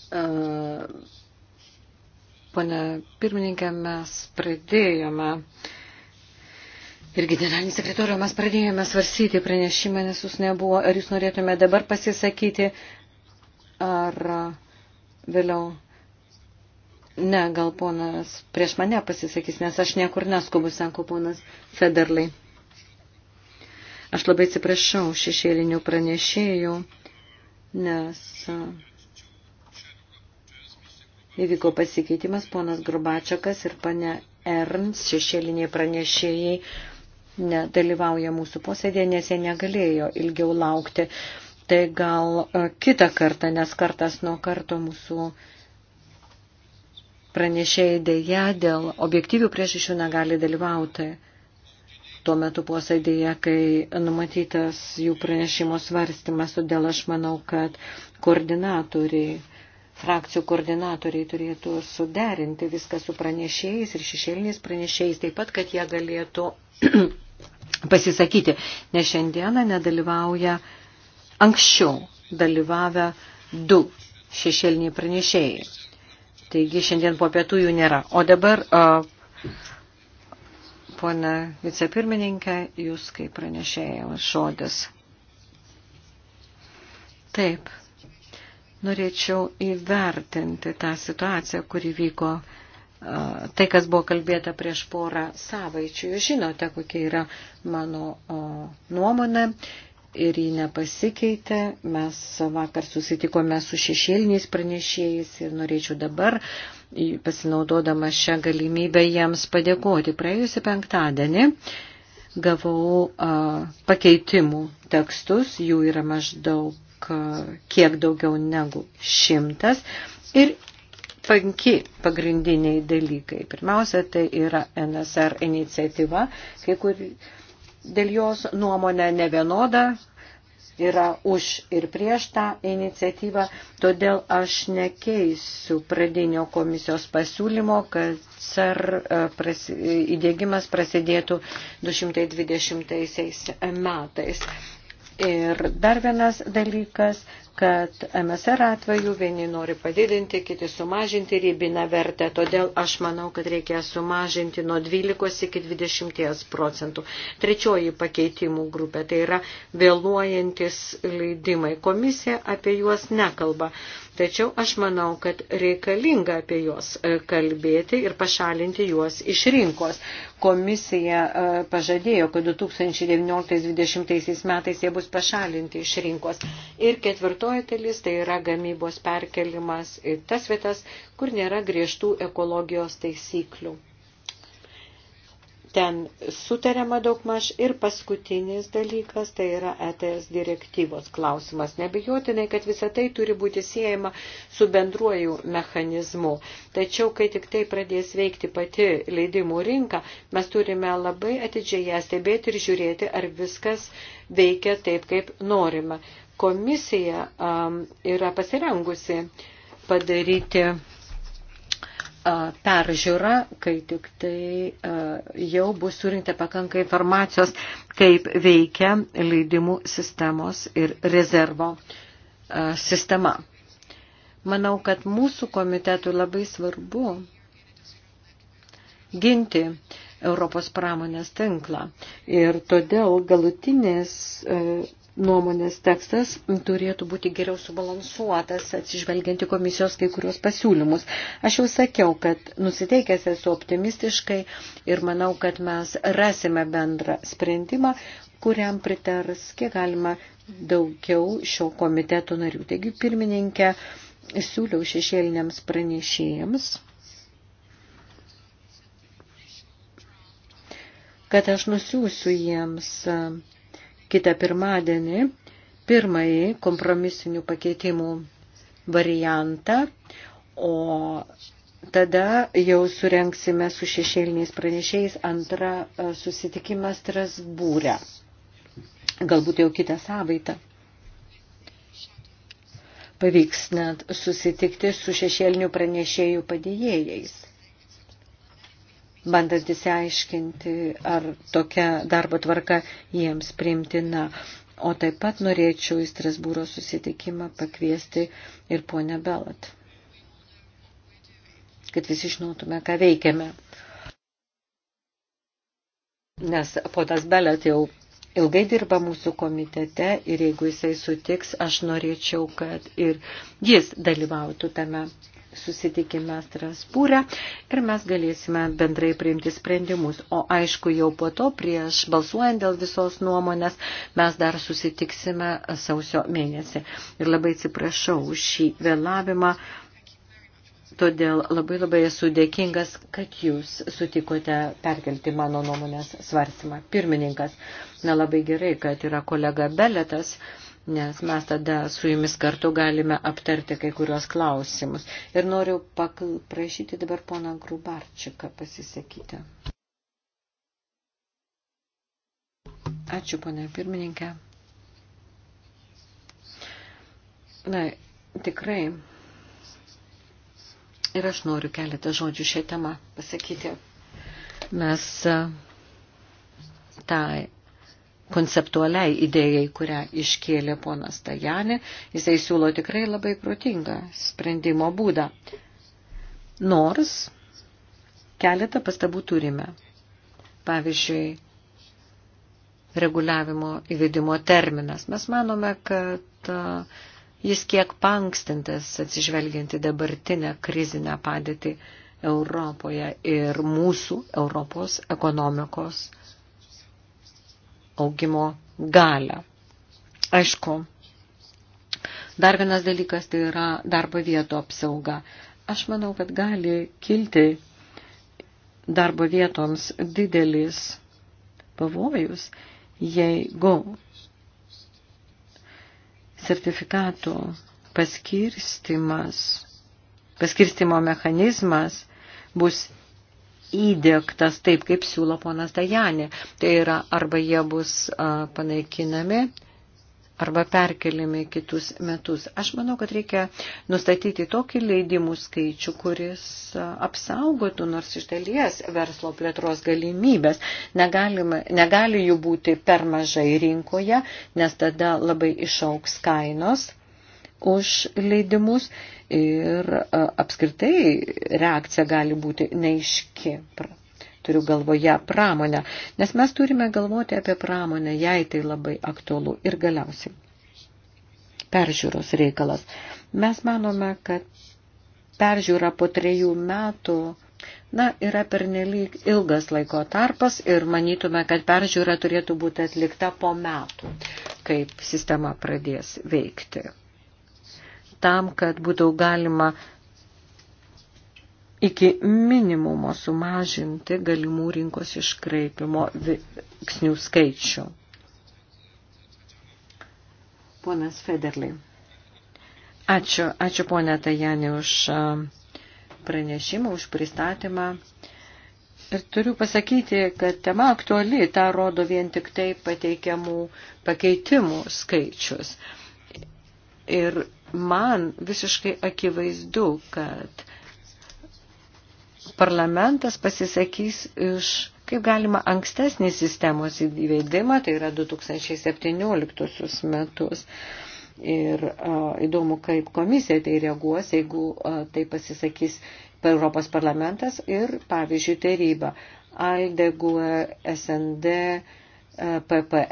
E, Pane pirmininkė, mes pradėjome ir generalinį sekretorių mes pradėjome svarsyti pranešimą, nes jūs nebuvo. Ar jūs norėtume dabar pasisakyti, ar vėliau? Ne, gal ponas prieš mane pasisakys, nes aš niekur neskubu, sako ponas Federlai. Aš labai atsiprašau šešėlinių pranešėjų, nes. Uh, įvyko pasikeitimas, ponas Grubačiakas ir pane Ernst, šešėliniai pranešėjai, nedalyvauja mūsų posėdėje, nes jie negalėjo ilgiau laukti. Tai gal e, kitą kartą, nes kartas nuo karto mūsų pranešėjai dėja dėl objektyvių priešišių negali dalyvauti tuo metu posėdėje, kai numatytas jų pranešimo svarstymas, todėl aš manau, kad koordinatoriai frakcijų koordinatoriai turėtų suderinti viską su pranešėjais ir šešėliniais pranešėjais, taip pat, kad jie galėtų pasisakyti, nes šiandieną nedalyvauja anksčiau dalyvavę du šešėliniai pranešėjai. Taigi šiandien po pietų jų nėra. O dabar, pone vicepirmininkė, jūs kaip pranešėjai žodis. Taip, norėčiau įvertinti tą situaciją, kuri vyko, tai, kas buvo kalbėta prieš porą savaičių. Jūs žinote, kokia yra mano nuomonė ir ji nepasikeitė. Mes vakar susitikome su šešėliniais pranešėjais ir norėčiau dabar, pasinaudodama šią galimybę, jiems padėkoti. Praėjusią penktadienį gavau pakeitimų tekstus, jų yra maždaug kiek daugiau negu šimtas. Ir penki pagrindiniai dalykai. Pirmiausia, tai yra NSR iniciatyva, kai kur dėl jos nuomonė nevienoda, yra už ir prieš tą iniciatyvą, todėl aš nekeisiu pradinio komisijos pasiūlymo, kad CER e, įdėgymas prasidėtų 220 metais. Ir dar vienas dalykas, kad MSR atveju vieni nori padidinti, kiti sumažinti ribinę vertę, todėl aš manau, kad reikia sumažinti nuo 12 iki 20 procentų. Trečioji pakeitimų grupė tai yra vėluojantis leidimai. Komisija apie juos nekalba. Tačiau aš manau, kad reikalinga apie juos e, kalbėti ir pašalinti juos iš rinkos. Komisija e, pažadėjo, kad 2019-2020 metais jie bus pašalinti iš rinkos. Ir ketvirtoji dalis tai yra gamybos perkelimas į tas vietas, kur nėra griežtų ekologijos taisyklių ten sutariama daugmaž ir paskutinis dalykas, tai yra ETS direktyvos klausimas. Nebijotinai, kad visa tai turi būti siejama su bendruoju mechanizmu. Tačiau, kai tik tai pradės veikti pati leidimų rinka, mes turime labai atidžiai ją stebėti ir žiūrėti, ar viskas veikia taip, kaip norima. Komisija um, yra pasirengusi padaryti peržiūra, kai tik tai jau bus surinkta pakanka informacijos, kaip veikia leidimų sistemos ir rezervo sistema. Manau, kad mūsų komitetui labai svarbu ginti Europos pramonės tinklą. Ir todėl galutinės nuomonės tekstas turėtų būti geriau subalansuotas, atsižvelgianti komisijos kai kurios pasiūlymus. Aš jau sakiau, kad nusiteikęs esu optimistiškai ir manau, kad mes rasime bendrą sprendimą, kuriam pritars kiek galima daugiau šio komiteto narių. Taigi, pirmininkė, siūliau šešėliniams pranešėjams kad aš nusiųsiu jiems uh, kitą pirmadienį pirmąjį kompromisinių pakeitimų variantą, o tada jau surenksime su šešėliniais pranešėjais antrą e, susitikimą Strasbūrę. Galbūt jau kitą savaitę. Pavyks net susitikti su šešėlinių pranešėjų padėjėjais bandant įsiaiškinti, ar tokia darbo tvarka jiems priimtina. O taip pat norėčiau į Strasbūro susitikimą pakviesti ir ponę Belat, kad visi žinotume, ką veikiame. Nes ponas Belat jau ilgai dirba mūsų komitete ir jeigu jisai sutiks, aš norėčiau, kad ir jis dalyvautų tame susitikime Strasbūrę ir mes galėsime bendrai priimti sprendimus. O aišku, jau po to, prieš balsuojant dėl visos nuomonės, mes dar susitiksime sausio mėnesį. Ir labai atsiprašau už šį vėlavimą. Todėl labai labai esu dėkingas, kad jūs sutikote perkelti mano nuomonės svarstymą. Pirmininkas, nelabai gerai, kad yra kolega Beletas nes mes tada su jumis kartu galime aptarti kai kurios klausimus. Ir noriu paprašyti dabar poną Grubarčiką pasisakyti. Ačiū, ponė pirmininkė. Na, tikrai. Ir aš noriu keletą žodžių šią temą pasakyti. Mes tą konceptualiai idėjai, kurią iškėlė ponas Tajani, jisai siūlo tikrai labai protingą sprendimo būdą. Nors keletą pastabų turime. Pavyzdžiui, reguliavimo įvedimo terminas. Mes manome, kad jis kiek pankstintas atsižvelgianti dabartinę krizinę padėtį Europoje ir mūsų Europos ekonomikos augimo galę. Aišku, dar vienas dalykas tai yra darbo vietų apsauga. Aš manau, kad gali kilti darbo vietoms didelis pavojus, jeigu sertifikatų paskirstimas, paskirstimo mechanizmas bus įdėktas taip, kaip siūlo ponas Dajani. Tai yra arba jie bus panaikinami arba perkeliami kitus metus. Aš manau, kad reikia nustatyti tokį leidimų skaičių, kuris apsaugotų nors iš dalies verslo plėtros galimybės. Negalime, negali jų būti per mažai rinkoje, nes tada labai išauks kainos už leidimus ir apskritai reakcija gali būti neiški. Turiu galvoje pramonę, nes mes turime galvoti apie pramonę, jei tai labai aktualu ir galiausiai. Peržiūros reikalas. Mes manome, kad peržiūra po trejų metų na, yra pernelyg ilgas laiko tarpas ir manytume, kad peržiūra turėtų būti atlikta po metų, kaip sistema pradės veikti tam, kad būtų galima iki minimumo sumažinti galimų rinkos iškraipimo veiksnių skaičių. Ponas Federlai. Ačiū, ačiū ponė Tajanė už pranešimą, už pristatymą. Ir turiu pasakyti, kad tema aktuali, tą rodo vien tik tai pateikiamų pakeitimų skaičius. Ir man visiškai akivaizdu, kad parlamentas pasisakys iš kaip galima ankstesnį sistemos įveidimą, tai yra 2017 metus. Ir a, įdomu, kaip komisija tai reaguos, jeigu a, tai pasisakys Europos parlamentas ir, pavyzdžiui, taryba. ALDEGUE, SND, PPE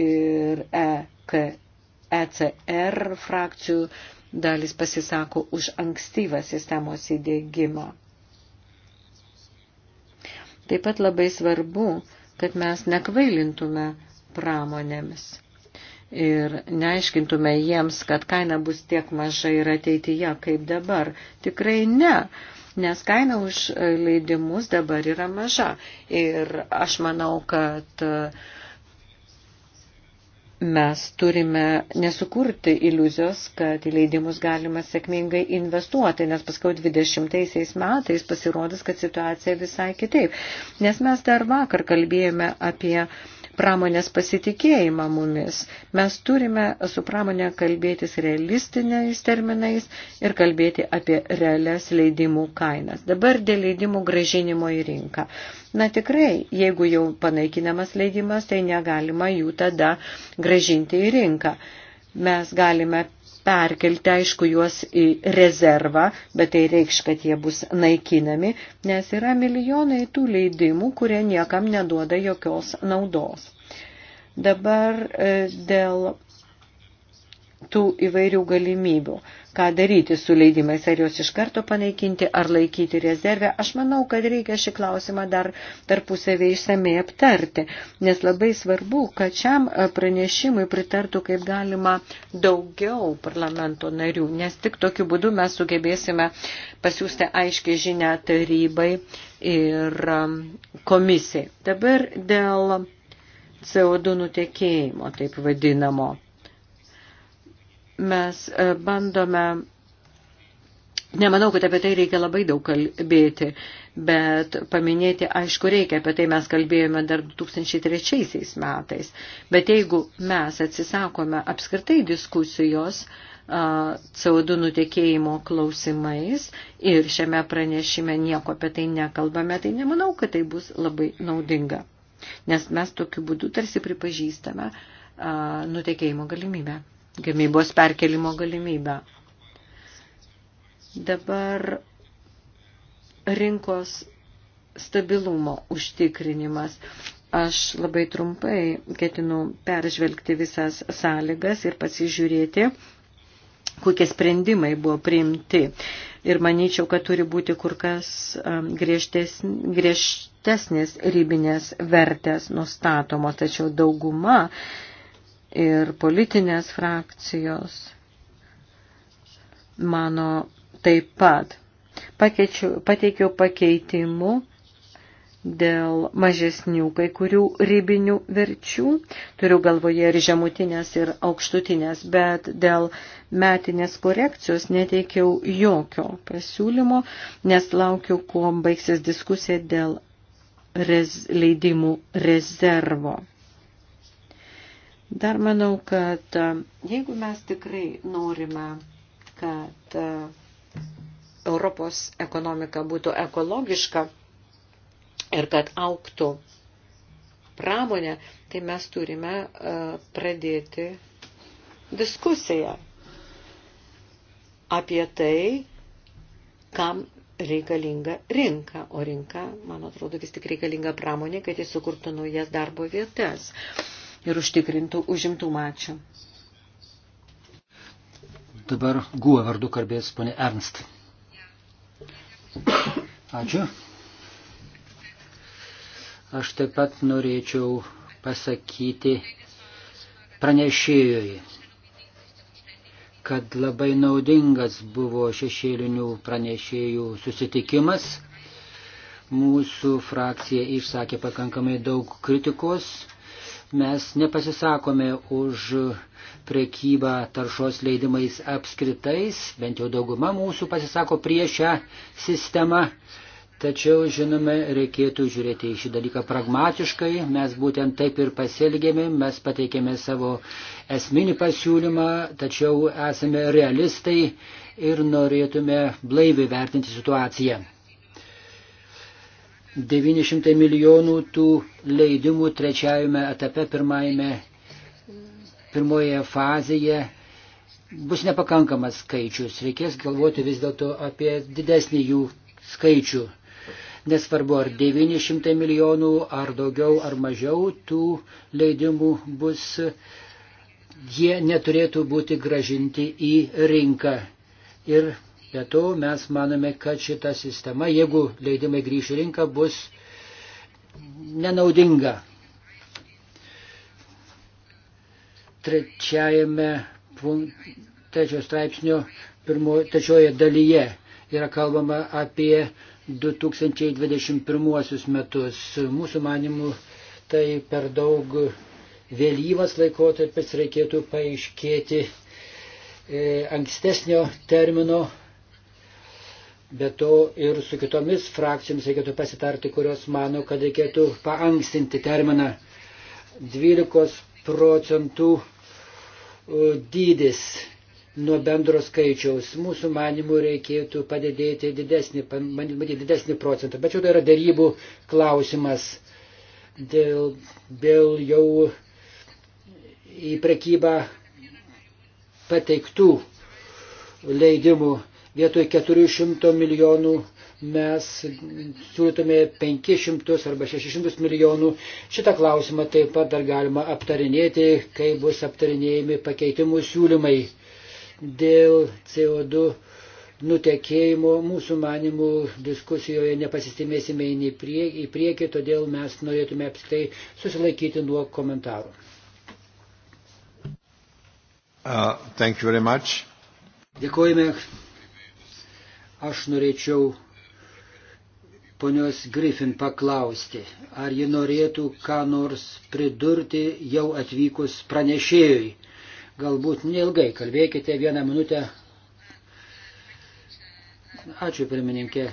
ir EK e. ECR frakcijų dalis pasisako už ankstyvą sistemos įdėgymą. Taip pat labai svarbu, kad mes nekvailintume pramonėmis ir neaiškintume jiems, kad kaina bus tiek maža ir ateityje kaip dabar. Tikrai ne, nes kaina už leidimus dabar yra maža. Ir aš manau, kad uh, mes turime nesukurti iliuzijos, kad į leidimus galima sėkmingai investuoti, nes paskui 20 metais pasirodys, kad situacija visai kitaip. Nes mes dar vakar kalbėjome apie pramonės pasitikėjimą mumis. Mes turime su pramonė kalbėtis realistiniais terminais ir kalbėti apie realias leidimų kainas. Dabar dėl leidimų gražinimo į rinką. Na tikrai, jeigu jau panaikinamas leidimas, tai negalima jų tada gražinti į rinką. Mes galime perkelti, aišku, juos į rezervą, bet tai reikš, kad jie bus naikinami, nes yra milijonai tų leidimų, kurie niekam neduoda jokios naudos. Dabar e, dėl tų įvairių galimybių ką daryti su leidimais, ar juos iš karto panaikinti, ar laikyti rezervę. Aš manau, kad reikia šį klausimą dar tarpusavį išsamei aptarti, nes labai svarbu, kad šiam e, pranešimui pritartų kaip galima daugiau parlamento narių, nes tik tokiu būdu mes sugebėsime pasiūsti aiškiai žinę tarybai ir e, komisijai. Dabar dėl CO2 nutekėjimo, taip vadinamo mes e, bandome, nemanau, kad apie tai reikia labai daug kalbėti, bet paminėti, aišku, reikia, apie tai mes kalbėjome dar 2003 metais. Bet jeigu mes atsisakome apskritai diskusijos, CO2 nutekėjimo klausimais ir šiame pranešime nieko apie tai nekalbame, tai nemanau, kad tai bus labai naudinga. Nes mes tokiu būdu tarsi pripažįstame nutekėjimo galimybę gamybos perkelimo galimybę. Dabar rinkos stabilumo užtikrinimas. Aš labai trumpai ketinu peržvelgti visas sąlygas ir pasižiūrėti, kokie sprendimai buvo priimti. Ir manyčiau, kad turi būti kur kas um, griežtesnės rybinės vertės nustatomos, tačiau dauguma ir politinės frakcijos mano taip pat. Pakeičiu, pateikiau pakeitimų dėl mažesnių kai kurių ribinių verčių, turiu galvoje ir žemutinės, ir aukštutinės, bet dėl metinės korekcijos neteikiau jokio pasiūlymo, nes laukiu, kuo baigsis diskusija dėl rez, leidimų rezervo. Dar manau, kad e, jeigu mes tikrai norime, kad e, Europos ekonomika būtų ekologiška ir kad auktų pramonė, tai mes turime e, pradėti diskusiją apie tai, kam reikalinga rinka, o rinka, man atrodo, vis tik reikalinga pramonė, kad jis sukurtų naujas darbo vietas. Uh, ir užtikrintų užimtumą. Ačiū. Dabar guo vardu kalbės ponė Ernst. Ačiū. Aš taip pat norėčiau pasakyti pranešėjui, kad labai naudingas buvo šešėlinių pranešėjų susitikimas mūsų frakcija išsakė pakankamai daug kritikos Mes nepasisakome už prekybą taršos leidimais apskritais, bent jau dauguma mūsų pasisako prieš šią sistemą. Tačiau, žinome, reikėtų žiūrėti į šį dalyką pragmatiškai. Mes būtent taip ir pasielgėme, mes pateikėme savo esminį pasiūlymą, tačiau esame realistai ir norėtume blaiviai vertinti situaciją. 900 milijonų tų leidimų trečiajame etape, pirmajame, pirmoje fazėje bus nepakankamas skaičius. Reikės galvoti vis dėlto apie didesnį jų skaičių. Nesvarbu, ar 900 milijonų, ar daugiau, ar mažiau tų leidimų bus, jie neturėtų būti gražinti į rinką. Ir Be to mes manome, kad šita sistema, jeigu leidimai grįžtų rinką, bus nenaudinga. Trečiajame trečio straipsnio pirmo, trečioje dalyje yra kalbama apie 2021 metus. Mūsų manimų tai per daug vėlyvas laikotarpis reikėtų paaiškėti e, ankstesnio termino Be to ir su kitomis frakcijomis reikėtų pasitarti, kurios mano, kad reikėtų paankstinti terminą 12 procentų e, dydis nuo bendro skaičiaus. Mūsų manimų reikėtų padidėti didesnį, matyti didesnį procentą. Bet čia tai yra darybų klausimas dėl, dėl jau į prekybą pateiktų leidimų vietoj 400 milijonų mes siūlytume 500 arba 600 milijonų. Šitą klausimą taip pat dar galima aptarinėti, kai bus aptarinėjami pakeitimų siūlymai dėl CO2 nutekėjimo. Mūsų manimų diskusijoje nepasistimėsime į priekį, į priekį, todėl mes norėtume apskritai susilaikyti nuo komentarų. Uh, thank you very much. Dėkojame Aš norėčiau ponios Griffin paklausti, ar ji norėtų ką nors pridurti jau atvykus pranešėjui. Galbūt neilgai kalbėkite vieną minutę. Ačiū, pirmininkė.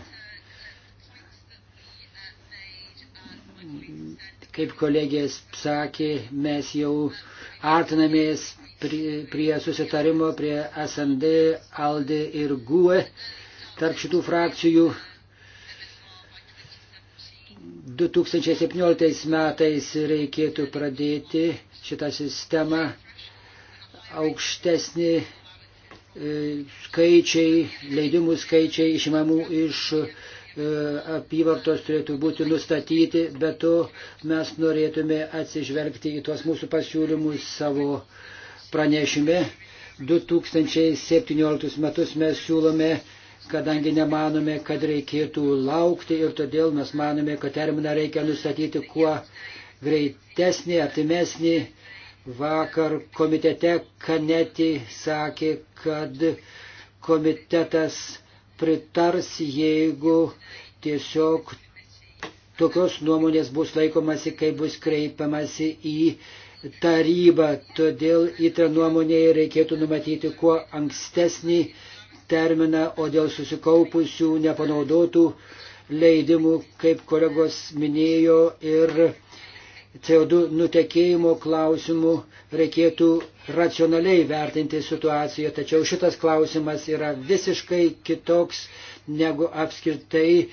Kaip kolegės sakė, mes jau artinamės prie, prie susitarimo, prie SND, ALDE ir GUE tarp šitų frakcijų. 2017 metais reikėtų pradėti šitą sistemą aukštesnį e, skaičiai, leidimų skaičiai išimamų iš e, apyvartos turėtų būti nustatyti, bet to mes norėtume atsižvelgti į tuos mūsų pasiūlymus savo pranešime. 2017 metus mes siūlome kadangi nemanome, kad reikėtų laukti ir todėl mes manome, kad terminą reikia nustatyti kuo greitesnį, artimesnį. Vakar komitete Kaneti sakė, kad komitetas pritars, jeigu tiesiog tokios nuomonės bus laikomasi, kai bus kreipiamasi į tarybą. Todėl į tą nuomonę reikėtų numatyti kuo ankstesnį terminą, o dėl susikaupusių nepanaudotų leidimų, kaip kolegos minėjo, ir CO2 nutekėjimo klausimų reikėtų racionaliai vertinti situaciją, tačiau šitas klausimas yra visiškai kitoks negu apskritai e,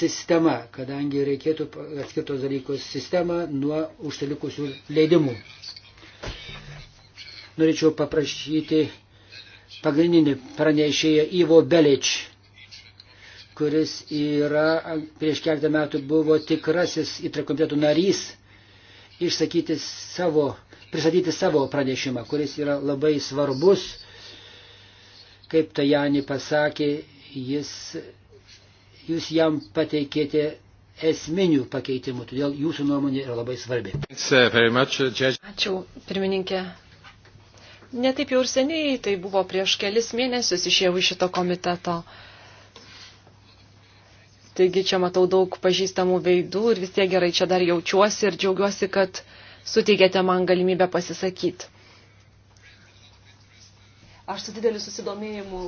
sistema, kadangi reikėtų atskirtos dalykus sistemą nuo užsilikusių leidimų. Norėčiau paprašyti pagrindinį pranešėją Ivo Belič, kuris yra, prieš keletą metų buvo tikrasis įtrakomitetų narys, išsakyti savo, pristatyti savo pranešimą, kuris yra labai svarbus. Kaip Tajani pasakė, jis, jūs jam pateikėte esminių pakeitimų, todėl jūsų nuomonė yra labai svarbi. Uh, uh, Ačiū, pirmininkė Netaip jau ir seniai, tai buvo prieš kelis mėnesius išėjau iš šito komiteto. Taigi čia matau daug pažįstamų veidų ir vis tiek gerai čia dar jaučiuosi ir džiaugiuosi, kad suteikėte man galimybę pasisakyti. Aš su dideliu susidomėjimu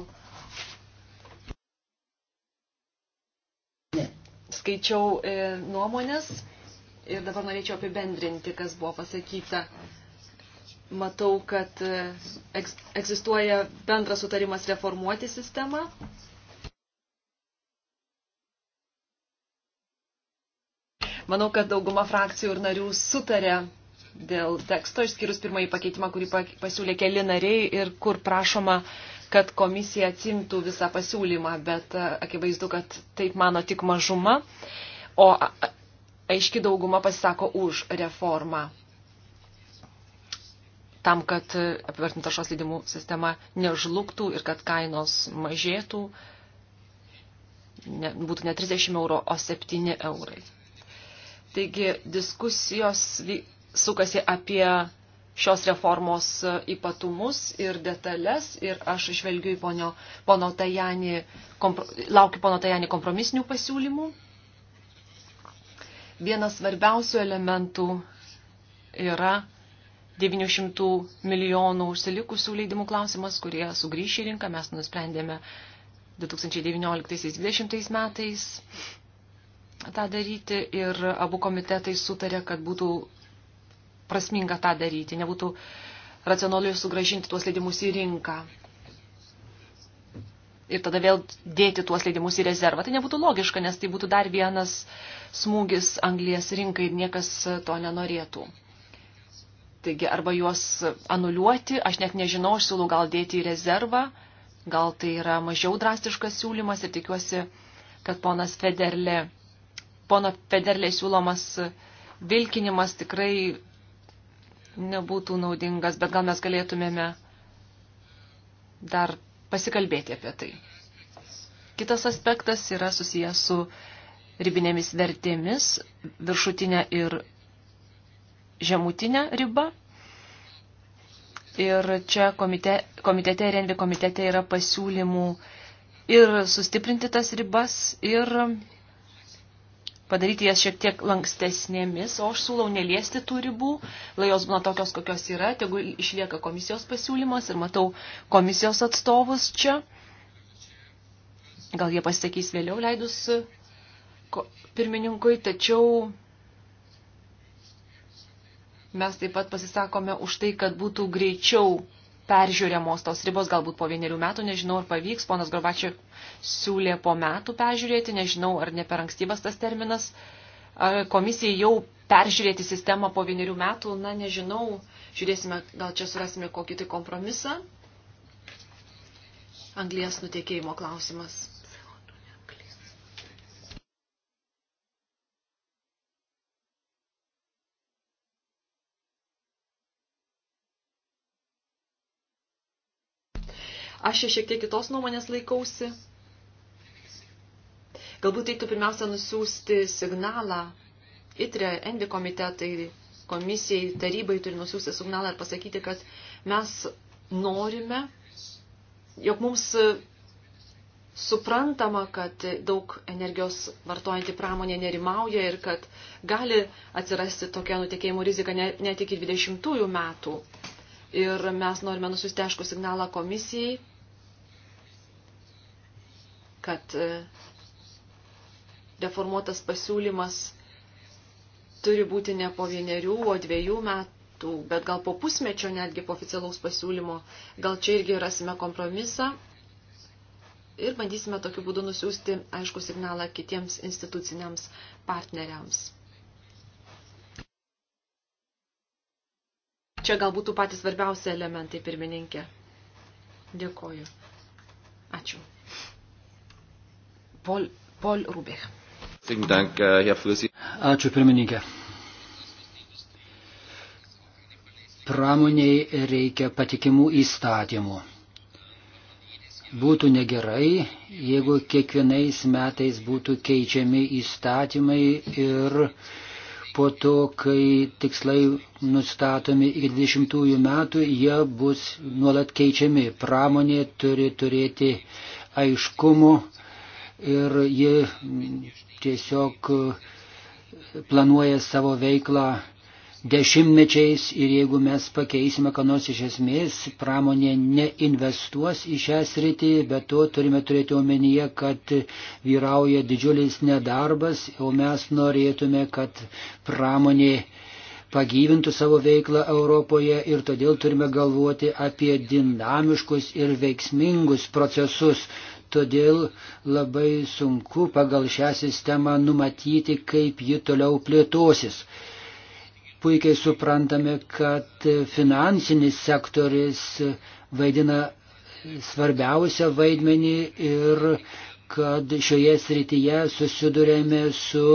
skaičiau e, nuomonės ir dabar norėčiau apibendrinti, kas buvo pasakyta matau, kad e, egzistuoja bendras sutarimas reformuoti sistemą. Manau, kad dauguma frakcijų ir narių sutarė dėl teksto, išskyrus pirmąjį pakeitimą, kurį pasiūlė keli nariai ir kur prašoma, kad komisija atsimtų visą pasiūlymą, bet e, akivaizdu, kad taip mano tik mažuma, o aiški dauguma pasisako už reformą tam, kad apivartinta taršos leidimų sistema nežlugtų ir kad kainos mažėtų, ne, būtų ne 30 euro, o 7 eurai. Taigi diskusijos sukasi apie šios reformos ypatumus ir detalės ir aš išvelgiu į ponio, pono Tajani, kompro, laukiu pono Tajani kompromisinių pasiūlymų. Vienas svarbiausių elementų yra 900 milijonų užsilikusių leidimų klausimas, kurie sugrįš į rinką. Mes nusprendėme 2019-2020 metais tą daryti ir abu komitetai sutarė, kad būtų prasminga tą daryti, nebūtų racionaliai sugražinti tuos leidimus į rinką. Ir tada vėl dėti tuos leidimus į rezervą. Tai nebūtų logiška, nes tai būtų dar vienas smūgis anglijas rinkai ir niekas to nenorėtų. Taigi arba juos anuliuoti, aš net nežinau, aš siūlau gal dėti į rezervą, gal tai yra mažiau drastiškas siūlymas ir tikiuosi, kad ponas Federlė, pono Federlė siūlomas vilkinimas tikrai nebūtų naudingas, bet gal mes galėtumėme dar pasikalbėti apie tai. Kitas aspektas yra susijęs su ribinėmis vertėmis, viršutinė ir žemutinę ribą. Ir čia komite, komitete ir Envi komitete yra pasiūlymų ir sustiprinti tas ribas ir padaryti jas šiek tiek lankstesnėmis, o aš siūlau neliesti tų ribų, lai jos būna tokios, kokios yra, tegu išlieka komisijos pasiūlymas ir matau komisijos atstovus čia. Gal jie pasisakys vėliau leidus pirmininkui, tačiau Mes taip pat pasisakome už tai, kad būtų greičiau peržiūrėmos tos ribos, galbūt po vienerių metų, nežinau, ar pavyks. Ponas Gorbačiai siūlė po metų peržiūrėti, nežinau, ar ne per ankstyvas tas terminas. Ar komisijai jau peržiūrėti sistemą po vienerių metų, na nežinau, žiūrėsime, gal čia surasime kokį tai kompromisą. Anglijas nutekėjimo klausimas. Aš šiek tiek kitos nuomonės laikausi. Galbūt reiktų pirmiausia nusiųsti signalą ITRE, ENVI komitetai, komisijai, tarybai turi nusiųsti signalą ir pasakyti, kad mes norime, jog mums suprantama, kad daug energijos vartojanti pramonė nerimauja ir kad gali atsirasti tokia nutekėjimų rizika net ne iki 20 metų. Ir mes norime nusiųsti aišku signalą komisijai kad reformuotas e, pasiūlymas turi būti ne po vienerių, o dviejų metų, bet gal po pusmečio netgi po oficialaus pasiūlymo. Gal čia irgi rasime kompromisą ir bandysime tokiu būdu nusiųsti aišku signalą kitiems instituciniams partneriams. Čia gal būtų patys svarbiausi elementai, pirmininkė. Dėkoju. Ačiū. Pol, Pol Rubich. Äh, Ačiū pirmininkė. Pramoniai reikia patikimų įstatymų. Būtų negerai, jeigu kiekvienais metais būtų keičiami įstatymai ir po to, kai tikslai nustatomi iki 20 metų, jie bus nuolat keičiami. Pramonė turi turėti aiškumo, ir ji tiesiog planuoja savo veiklą dešimtmečiais ir jeigu mes pakeisime, ką nors iš esmės, pramonė neinvestuos į šią sritį, bet to turime turėti omenyje, kad vyrauja didžiulis nedarbas, o mes norėtume, kad pramonė pagyvintų savo veiklą Europoje ir todėl turime galvoti apie dinamiškus ir veiksmingus procesus todėl labai sunku pagal šią sistemą numatyti, kaip ji toliau plėtosis. Puikiai suprantame, kad finansinis sektoris vaidina svarbiausią vaidmenį ir kad šioje srityje susidurėme su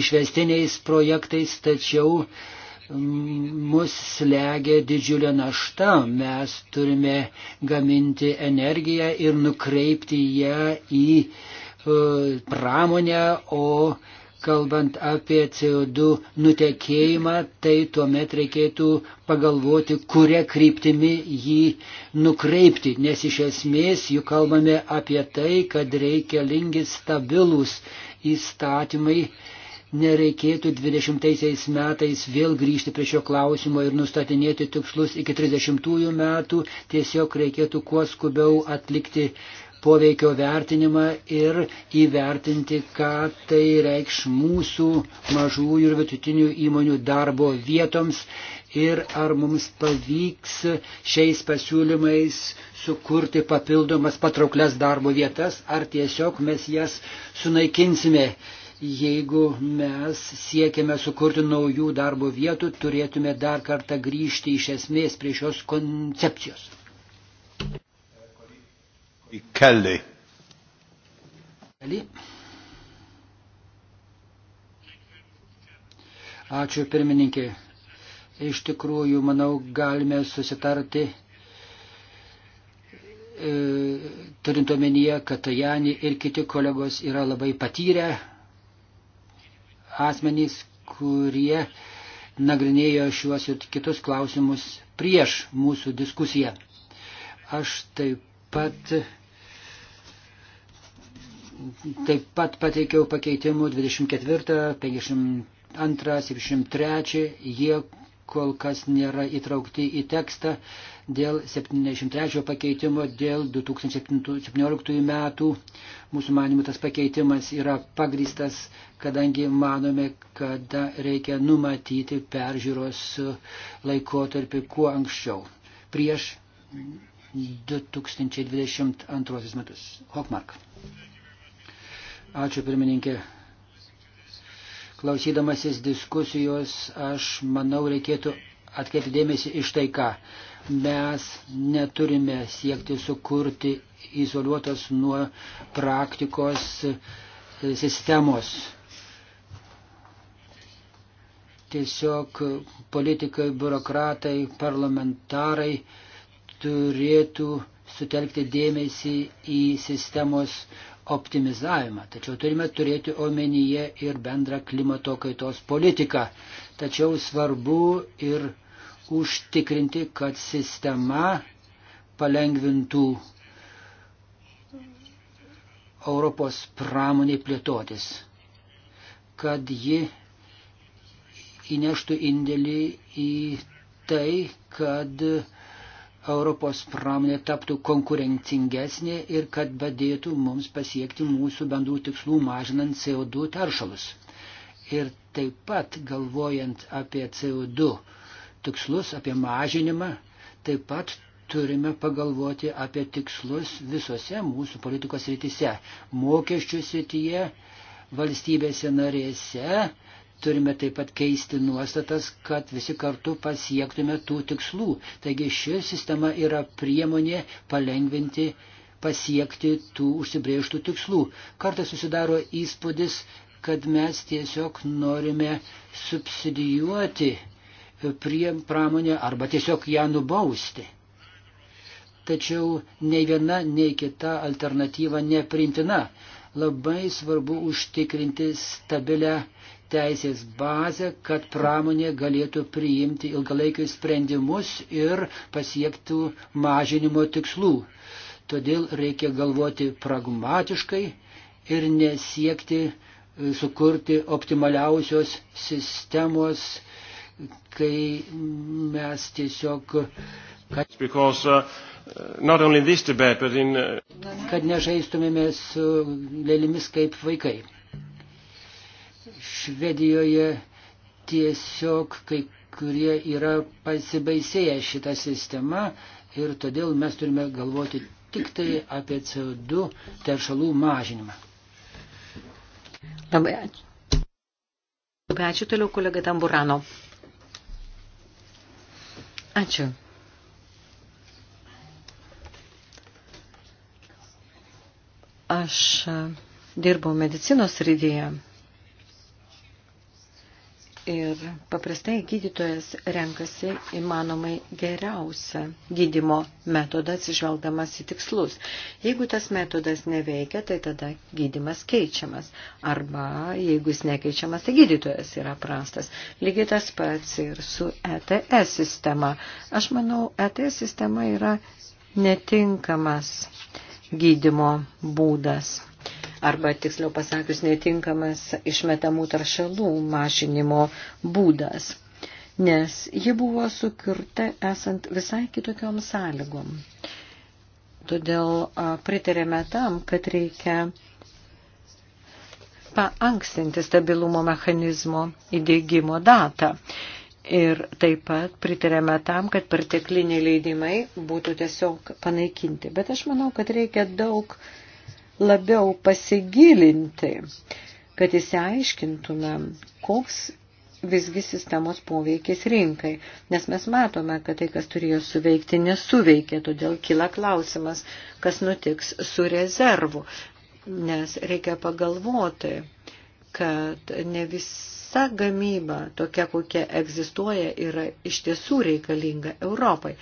išvestiniais projektais, tačiau mus slegia didžiulė našta. Mes turime gaminti energiją ir nukreipti ją į e, pramonę, o kalbant apie CO2 nutekėjimą, tai tuomet reikėtų pagalvoti, kuria kryptimi jį nukreipti, nes iš esmės juk kalbame apie tai, kad reikalingi stabilūs įstatymai, nereikėtų 20 metais vėl grįžti prie šio klausimo ir nustatinėti tikslus iki 30 metų, tiesiog reikėtų kuo skubiau atlikti poveikio vertinimą ir įvertinti, ką tai reikš mūsų mažųjų ir vidutinių įmonių darbo vietoms ir ar mums pavyks šiais pasiūlymais sukurti papildomas patrauklias darbo vietas, ar tiesiog mes jas sunaikinsime Jeigu mes siekiame sukurti naujų darbo vietų, turėtume dar kartą grįžti iš esmės prie šios koncepcijos. Kelly. Kelly. Ačiū pirmininkė. Iš tikrųjų, manau, galime susitarti e, turint omenyje, kad Tajani ir kiti kolegos yra labai patyrę asmenys, kurie nagrinėjo šiuos ir kitus klausimus prieš mūsų diskusiją. Aš taip pat, taip pat pateikiau pakeitimų 24, 52, 73, jie kol kas nėra įtraukti į tekstą dėl 73 pakeitimo, dėl 2017 metų. Mūsų manimų tas pakeitimas yra pagristas, kadangi manome, kad reikia numatyti peržiūros laikotarpį kuo anksčiau, prieš 2022 metus. Hokmark. Ačiū pirmininkė. Klausydamasis diskusijos, aš manau, reikėtų atkreipti dėmesį iš tai, ką mes neturime siekti sukurti izoliuotos nuo praktikos e, sistemos. Tiesiog politikai, biurokratai, parlamentarai turėtų sutelkti dėmesį į sistemos optimizavimą, tačiau turime turėti omenyje ir bendrą klimato kaitos politiką. Tačiau svarbu ir užtikrinti, kad sistema palengvintų Europos pramoniai plėtotis, kad ji įneštų indėlį į tai, kad uh, Europos pramonė taptų konkurencingesnė ir kad padėtų mums pasiekti mūsų bendrų tikslų mažinant CO2 taršalus. Ir taip pat galvojant apie CO2 tikslus, apie mažinimą, taip pat turime pagalvoti apie tikslus visose mūsų politikos rytise - mokesčių srityje, valstybėse narėse, Turime taip pat keisti nuostatas, kad visi kartu pasiektume tų tikslų. Taigi ši sistema yra priemonė palengvinti pasiekti tų užsibrėžtų tikslų. Kartais susidaro įspūdis, kad mes tiesiog norime subsidijuoti prie pramonę arba tiesiog ją nubausti. Tačiau nei viena, nei kita alternatyva neprimtina. Labai svarbu užtikrinti stabilę teisės bazę, kad pramonė galėtų priimti ilgalaikius sprendimus ir pasiektų mažinimo tikslų. Todėl reikia galvoti pragmatiškai ir nesiekti e, sukurti optimaliausios sistemos, kai mes tiesiog. Kad, Because, uh, debate, in, uh... kad nežaistumėme su lėlimis kaip vaikai. Švedijoje tiesiog kai kurie yra pasibaisėję šitą sistemą ir todėl mes turime galvoti tik tai apie CO2 teršalų mažinimą. Labai ačiū. Labai ačiū toliau kolega Tamburano. Ačiū. Aš dirbau medicinos srityje Ir paprastai gydytojas renkasi įmanomai geriausią gydimo metodą atsižvelgdamas į tikslus. Jeigu tas metodas neveikia, tai tada gydimas keičiamas. Arba jeigu jis nekeičiamas, tai gydytojas yra prastas. Lygiai tas pats ir su ETS sistema. Aš manau, ETS sistema yra netinkamas gydimo būdas arba tiksliau pasakius netinkamas išmetamų taršalų mažinimo būdas, nes ji buvo sukurta esant visai kitokiom sąlygom. Todėl pritarėme tam, kad reikia paankstinti stabilumo mechanizmo įdėgymo datą. Ir taip pat pritarėme tam, kad pertekliniai leidimai būtų tiesiog panaikinti. Bet aš manau, kad reikia daug labiau pasigilinti, kad įsiaiškintumėm, koks visgi sistemos poveikis rinkai, nes mes matome, kad tai, kas turėjo suveikti, nesuveikė, todėl kila klausimas, kas nutiks su rezervu, nes reikia pagalvoti, kad ne visa gamyba, tokia kokia egzistuoja, yra iš tiesų reikalinga Europai.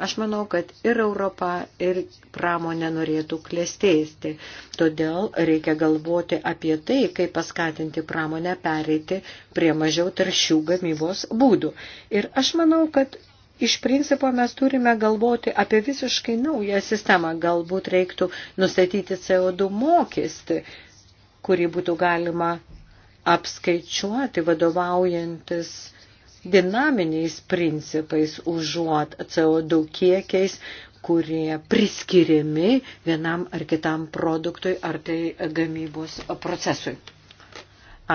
Aš manau, kad ir Europa, ir pramonė norėtų klėstėsti. Todėl reikia galvoti apie tai, kaip paskatinti pramonę pereiti prie mažiau taršių gamybos būdų. Ir aš manau, kad iš principo mes turime galvoti apie visiškai naują sistemą. Galbūt reiktų nustatyti CO2 mokestį kurį būtų galima apskaičiuoti vadovaujantis dinaminiais principais užuot CO2 kiekiais, kurie priskiriami vienam ar kitam produktui ar tai gamybos procesui.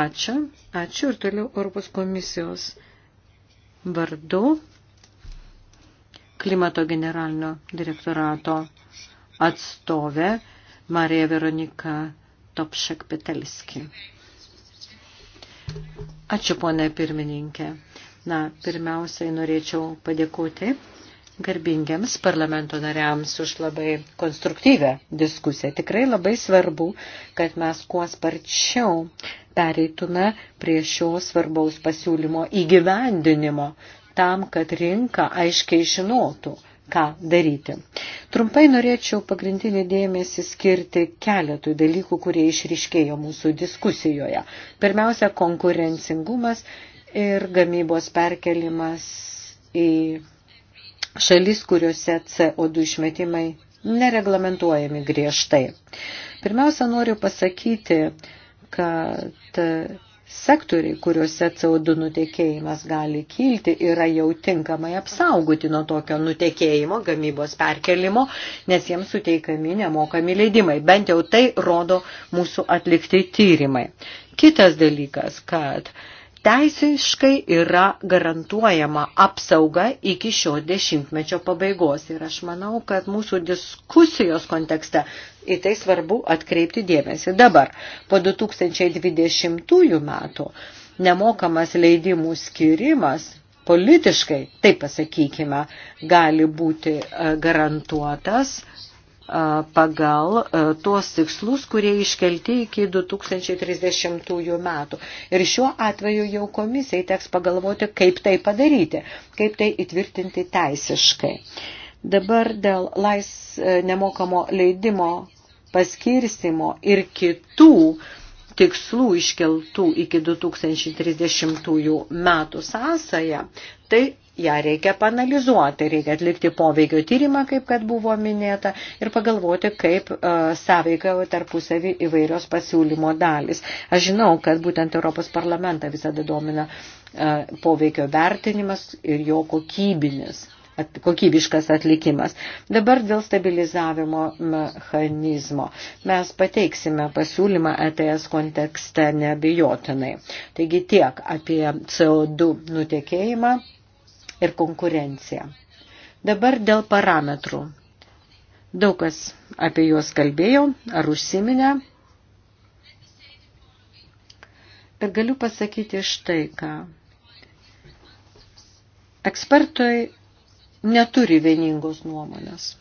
Ačiū. Ačiū ir toliau Europos komisijos vardu klimato generalinio direktorato atstovė Marija Veronika Topšek Petelski. Ačiū, ponė pirmininkė. Na, pirmiausiai norėčiau padėkoti garbingiams parlamento nariams už labai konstruktyvę diskusiją. Tikrai labai svarbu, kad mes kuo sparčiau pereitume prie šio svarbaus pasiūlymo įgyvendinimo, tam, kad rinka aiškiai žinotų, ką daryti. Trumpai norėčiau pagrindinį dėmesį skirti keletui dalykų, kurie išriškėjo mūsų diskusijoje. Pirmiausia, konkurencingumas ir gamybos perkelimas į šalis, kuriuose CO2 išmetimai nereglamentuojami griežtai. Pirmiausia, noriu pasakyti, kad sektoriai, kuriuose CO2 nutekėjimas gali kilti, yra jau tinkamai apsaugoti nuo tokio nutekėjimo, gamybos perkelimo, nes jiems suteikami nemokami leidimai. Bent jau tai rodo mūsų atlikti tyrimai. Kitas dalykas, kad uh, teisiškai yra garantuojama apsauga iki šio dešimtmečio pabaigos. Ir aš manau, kad mūsų diskusijos kontekste į tai svarbu atkreipti dėmesį. Dabar, po 2020 metų, nemokamas leidimų skirimas politiškai, taip pasakykime, gali būti e, garantuotas pagal tuos tikslus, kurie iškelti iki 2030 metų. Ir šiuo atveju jau komisijai teks pagalvoti, kaip tai padaryti, kaip tai įtvirtinti teisiškai. Dabar dėl lais nemokamo leidimo paskirstimo ir kitų tikslų iškeltų iki 2030 metų sąsąją, tai ją reikia panalizuoti, reikia atlikti poveikio tyrimą, kaip kad buvo minėta, ir pagalvoti, kaip uh, e, sąveikavo tarpusavį įvairios pasiūlymo dalis. Aš žinau, kad būtent Europos parlamentą visada domina uh, poveikio vertinimas ir jo kokybinis at, kokybiškas atlikimas. Dabar dėl stabilizavimo mechanizmo. Mes pateiksime pasiūlymą ETS kontekste nebejotinai. Taigi tiek apie CO2 nutekėjimą ir konkurencija. Dabar dėl parametrų. Daug kas apie juos kalbėjau ar užsiminę. Ir galiu pasakyti štai ką. Ekspertai neturi vieningos nuomonės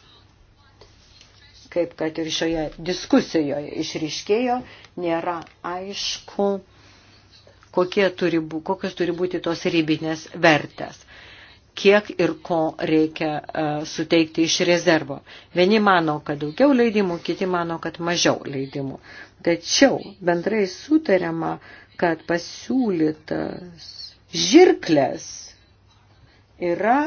kaip kad ir šioje diskusijoje išriškėjo, nėra aišku, kokie turi, kokios turi būti tos ribinės vertės kiek ir ko reikia e, suteikti iš rezervo. Vieni mano, kad daugiau leidimų, kiti mano, kad mažiau leidimų. Tačiau bendrai sutariama, kad pasiūlytas žirklės yra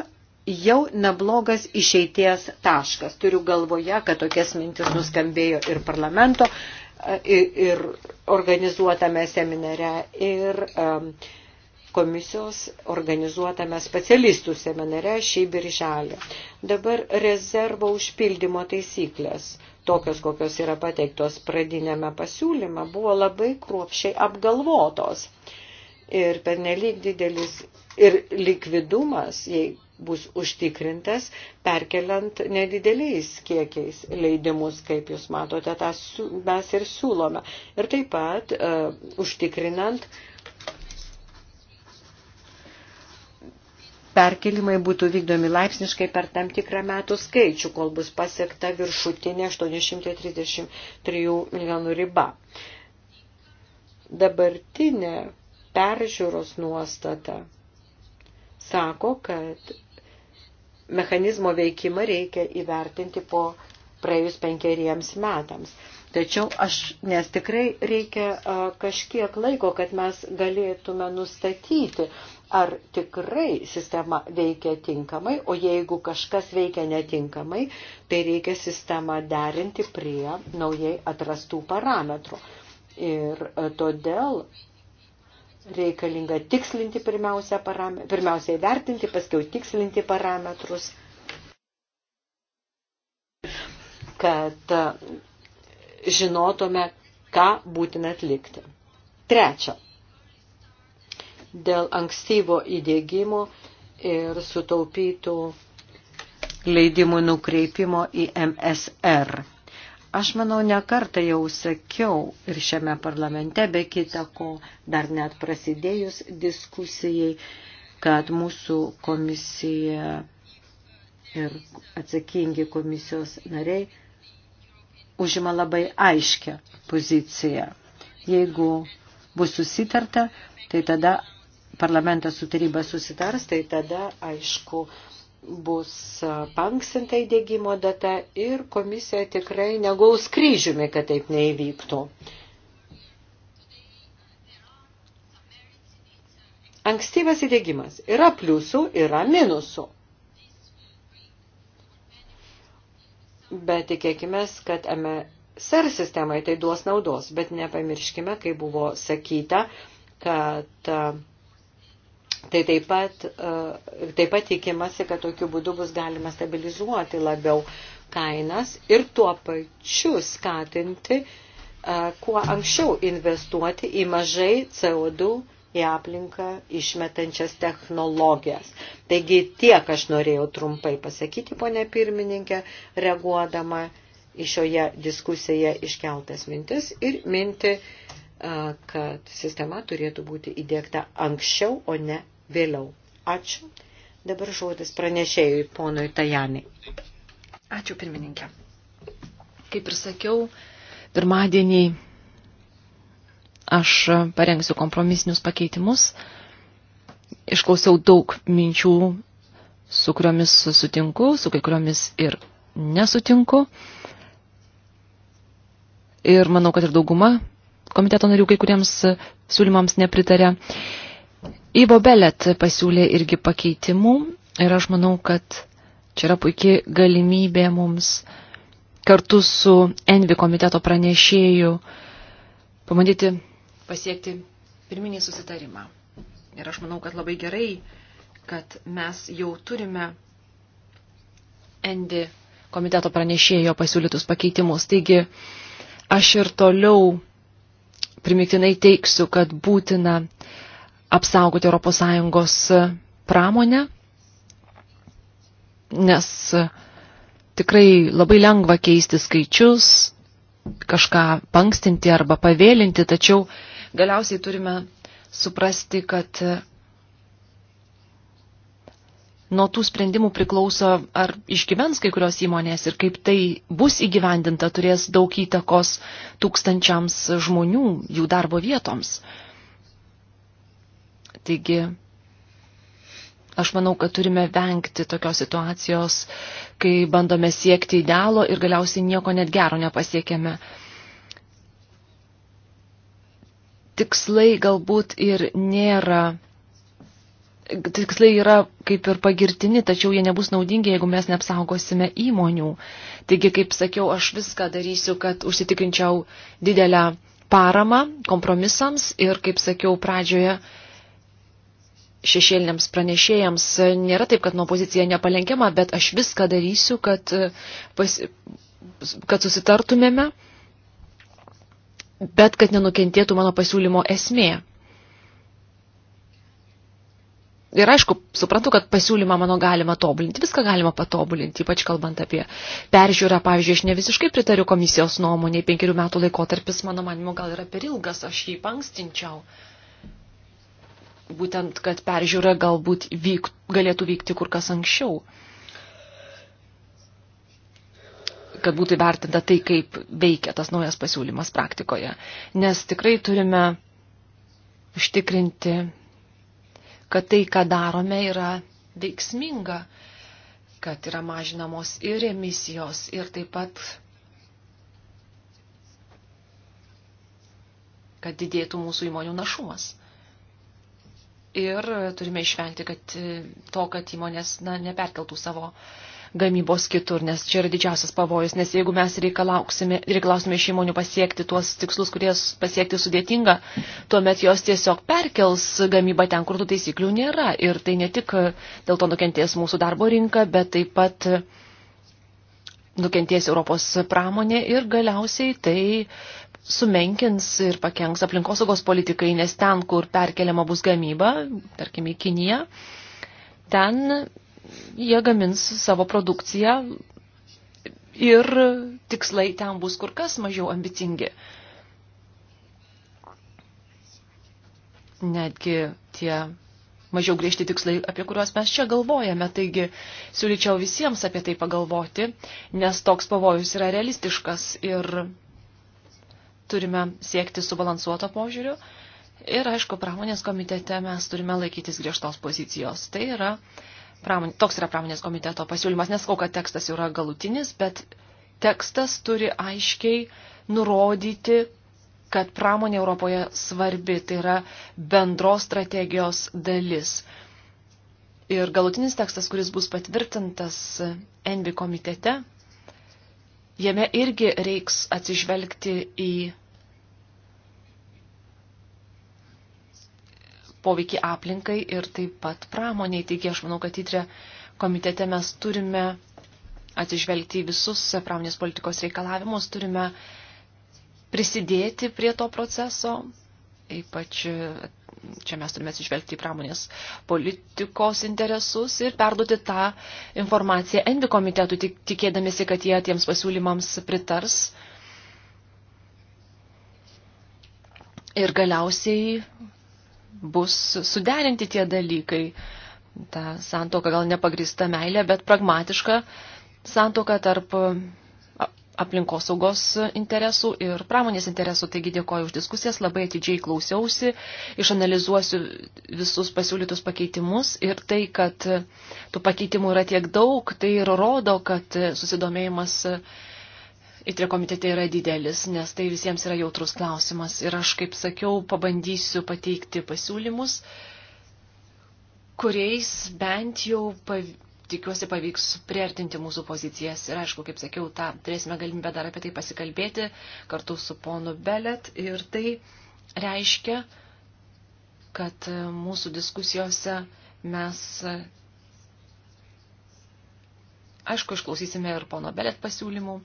jau neblogas išeities taškas. Turiu galvoje, kad tokias mintis nuskambėjo ir parlamento, e, ir, ir organizuotame seminare, ir um, komisijos organizuotame specialistų seminare šį birželį. Dabar rezervo užpildymo taisyklės, tokios kokios yra pateiktos pradinėme pasiūlyme, buvo labai kruopšiai apgalvotos. Ir pernelyg didelis ir likvidumas, jei bus užtikrintas, perkeliant nedideliais kiekiais leidimus, kaip jūs matote, tą mes ir siūlome. Ir taip pat uh, užtikrinant uh, perkelimai būtų vykdomi laipsniškai per tam tikrą metų skaičių, kol bus pasiekta viršutinė 833 milijonų riba. Dabartinė peržiūros nuostata sako, kad mechanizmo veikimą reikia įvertinti po praėjus penkeriems metams. Tačiau aš, nes tikrai reikia a, kažkiek laiko, kad mes galėtume nustatyti, ar tikrai sistema veikia tinkamai, o jeigu kažkas veikia netinkamai, tai reikia sistemą derinti prie naujai atrastų parametrų. Ir e, todėl reikalinga tikslinti pirmiausia, parametrus, pirmiausia įvertinti, paskiau tikslinti parametrus, kad e, žinotume, ką būtina atlikti. Trečia, dėl ankstyvo įdėgymo ir sutaupytų leidimų nukreipimo į MSR. Aš manau, nekartą jau sakiau ir šiame parlamente, be kita ko, dar net prasidėjus diskusijai, kad mūsų komisija ir atsakingi komisijos nariai užima labai aiškę poziciją. Jeigu bus susitarta, tai tada parlamentas su taryba susitars, tai tada, aišku, bus panksinta įdėgymo data ir komisija tikrai negaus kryžiumi, kad taip neįvyktų. Ankstyvas įdėgymas yra pliusų, yra minusų. Bet tikėkime, kad MSR sistemai tai duos naudos, bet nepamirškime, kai buvo sakyta, kad uh, Tai taip pat, e, taip pat tikimasi, kad tokiu būdu bus galima stabilizuoti labiau kainas ir tuo pačiu skatinti, e, kuo anksčiau investuoti į mažai CO2 į aplinką išmetančias technologijas. Taigi tiek aš norėjau trumpai pasakyti, ponė pirmininkė, reaguodama į šioje diskusijoje iškeltas mintis ir minti, e, kad sistema turėtų būti įdėkta anksčiau, o ne vėliau. Ačiū. Dabar žodis pranešėjui ponui Tajanai. Ačiū pirmininkė. Kaip ir sakiau, pirmadienį aš parengsiu kompromisinius pakeitimus. Išklausiau daug minčių, su kuriomis sutinku, su kai kuriomis ir nesutinku. Ir manau, kad ir dauguma komiteto narių kai kuriems siūlymams nepritarė. Ivo Belet pasiūlė irgi pakeitimų ir aš manau, kad čia yra puikiai galimybė mums kartu su Envi komiteto pranešėju pamatyti pasiekti pirminį susitarimą. Ir aš manau, kad labai gerai, kad mes jau turime Endi komiteto pranešėjo pasiūlytus pakeitimus. Taigi aš ir toliau primiktinai teiksiu, kad būtina uh, apsaugoti ES pramonę, nes tikrai labai lengva keisti skaičius, kažką pankstinti arba pavėlinti, tačiau galiausiai turime suprasti, kad nuo tų sprendimų priklauso, ar išgyvens kai kurios įmonės ir kaip tai bus įgyvendinta, turės daug įtakos tūkstančiams žmonių jų darbo vietoms. Taigi, aš manau, kad turime vengti tokios situacijos, kai bandome siekti idealo ir galiausiai nieko net gero nepasiekėme. Tikslai galbūt ir nėra. Tikslai yra kaip ir pagirtini, tačiau jie nebus naudingi, jeigu mes neapsaugosime įmonių. Taigi, kaip sakiau, aš viską darysiu, kad užsitikrinčiau didelę paramą kompromisams ir, kaip sakiau pradžioje, šešėliniams pranešėjams. Nėra taip, kad nuo pozicija nepalenkiama, bet aš viską darysiu, kad, pas, kad susitartumėme, bet kad nenukentėtų mano pasiūlymo esmė. Ir aišku, suprantu, kad pasiūlymą mano galima tobulinti, viską galima patobulinti, ypač kalbant apie peržiūrą. Pavyzdžiui, aš ne visiškai pritariu komisijos nuomonėje, penkerių metų laikotarpis, mano manimo, gal yra per ilgas, aš jį pankstinčiau. Uh, būtent, kad peržiūra galbūt vyk, galėtų vykti kur kas anksčiau. Kad būtų vertinta tai, kaip veikia tas naujas pasiūlymas praktikoje. Nes tikrai turime užtikrinti, kad tai, ką darome, yra veiksminga, kad yra mažinamos ir emisijos, ir taip pat, kad didėtų mūsų įmonių našumas ir turime išvengti kad e, to, kad įmonės na, neperkeltų savo gamybos kitur, nes čia yra didžiausias pavojus, nes jeigu mes reikalausime iš įmonių pasiekti tuos tikslus, kurie pasiekti sudėtinga, tuomet jos tiesiog perkels gamybą ten, kur tų taisyklių nėra. Ir tai ne tik dėl to nukentės mūsų darbo rinka, bet taip pat nukentės Europos pramonė ir galiausiai tai sumenkins ir pakenks aplinkosaugos politikai, nes ten, kur perkeliama bus gamyba, tarkim į Kiniją, ten jie gamins savo produkciją ir tikslai ten bus kur kas mažiau ambicingi. Netgi tie mažiau griežti tikslai, apie kuriuos mes čia galvojame, taigi siūlyčiau visiems apie tai pagalvoti, nes toks pavojus yra realistiškas ir turime siekti subalansuoto požiūriu. Ir, aišku, pramonės komitete mes turime laikytis griežtos pozicijos. Tai yra, pramonė, toks yra pramonės komiteto pasiūlymas. Neskau, kad tekstas jau yra galutinis, bet tekstas turi aiškiai nurodyti, kad pramonė Europoje svarbi, tai yra bendros strategijos dalis. Ir galutinis tekstas, kuris bus patvirtintas Envi komitete, jame irgi reiks atsižvelgti į poveikį aplinkai ir taip pat pramoniai. Taigi aš manau, kad įtrė komitete mes turime atsižvelgti į visus pramonės politikos reikalavimus, turime prisidėti prie to proceso, ypač čia mes turime atsižvelgti į pramonės politikos interesus ir perduoti tą informaciją Endi komitetui, tik, tikėdamėsi, kad jie tiems pasiūlymams pritars. Ir galiausiai bus suderinti tie dalykai. Ta santoka gal nepagrįsta meilė, bet pragmatiška santoka tarp aplinkosaugos interesų ir pramonės interesų. Taigi dėkoju už diskusijas, labai atidžiai klausiausi, išanalizuosiu visus pasiūlytus pakeitimus ir tai, kad tų pakeitimų yra tiek daug, tai ir rodo, kad susidomėjimas įtrio komitete yra didelis, nes tai visiems yra jautrus klausimas. Ir aš, kaip sakiau, pabandysiu pateikti pasiūlymus kuriais bent jau pav tikiuosi pavyks priartinti mūsų pozicijas ir aišku, kaip sakiau, tą turėsime galimybę dar apie tai pasikalbėti kartu su ponu Belet ir tai reiškia, kad e, mūsų diskusijose mes e, aišku išklausysime ir pono Belet pasiūlymų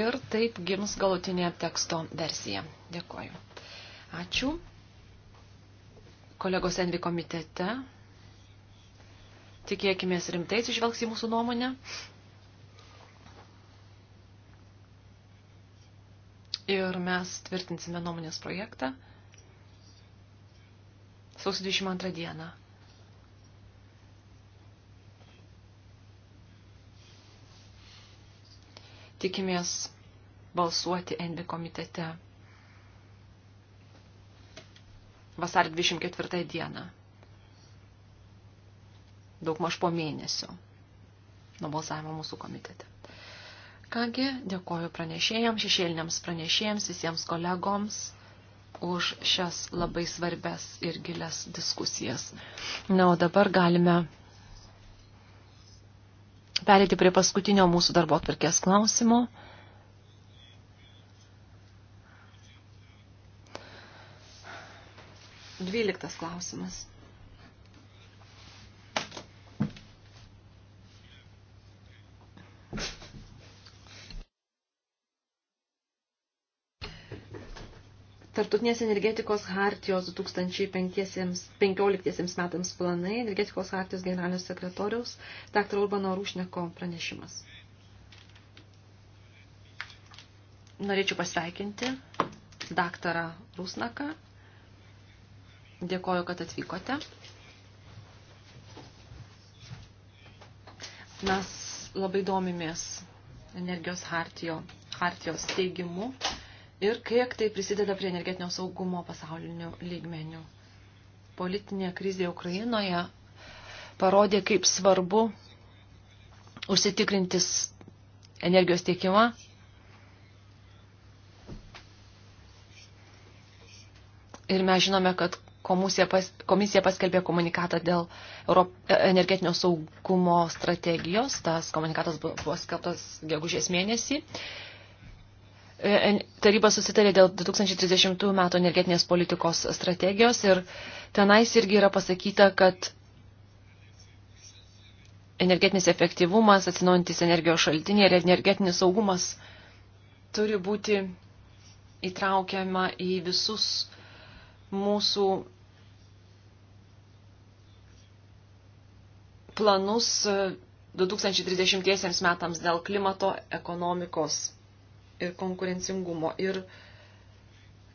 ir taip gims galutinė teksto versija. Dėkoju. Ačiū. Kolegos Envi komitete tikėkime rimtai atsižvelgs į mūsų nuomonę. Ir mes tvirtinsime nuomonės projektą sausio 22 dieną. Tikimės balsuoti NB komitete vasarį 24 dieną daug maž po mėnesio nuo balsavimo mūsų komitete. Kągi, dėkoju pranešėjams, šešėliniams pranešėjams, visiems kolegoms už šias labai svarbes ir gilias diskusijas. Na, o dabar galime perėti prie paskutinio mūsų darbo atvarkės klausimo. Dvyliktas klausimas. Tartutinės energetikos hartijos 2015 metams planai, energetikos hartijos generalinio sekretoriaus, dr. Urbano Rūšneko pranešimas. Norėčiau pasveikinti daktarą Rusnaką. Dėkoju, kad atvykote. Mes labai domimės energijos hartijo, hartijos teigimu ir kiek tai prisideda prie energetinio saugumo pasaulinių lygmenių. Politinė krizė Ukrainoje parodė, kaip svarbu užsitikrintis energijos tiekimą. Ir mes žinome, kad komisija, pas, komisija paskelbė komunikatą dėl Europ, e, energetinio saugumo strategijos. Tas komunikatas buvo skelbtas gegužės mėnesį. Uh, E, taryba susitarė dėl 2030 metų energetinės politikos strategijos ir tenais irgi yra pasakyta, kad energetinis efektyvumas, atsinaujantis energijos šaltiniai ir energetinis saugumas turi būti įtraukiama į visus mūsų planus 2030 e, metams dėl klimato ekonomikos ir konkurencingumo. Ir,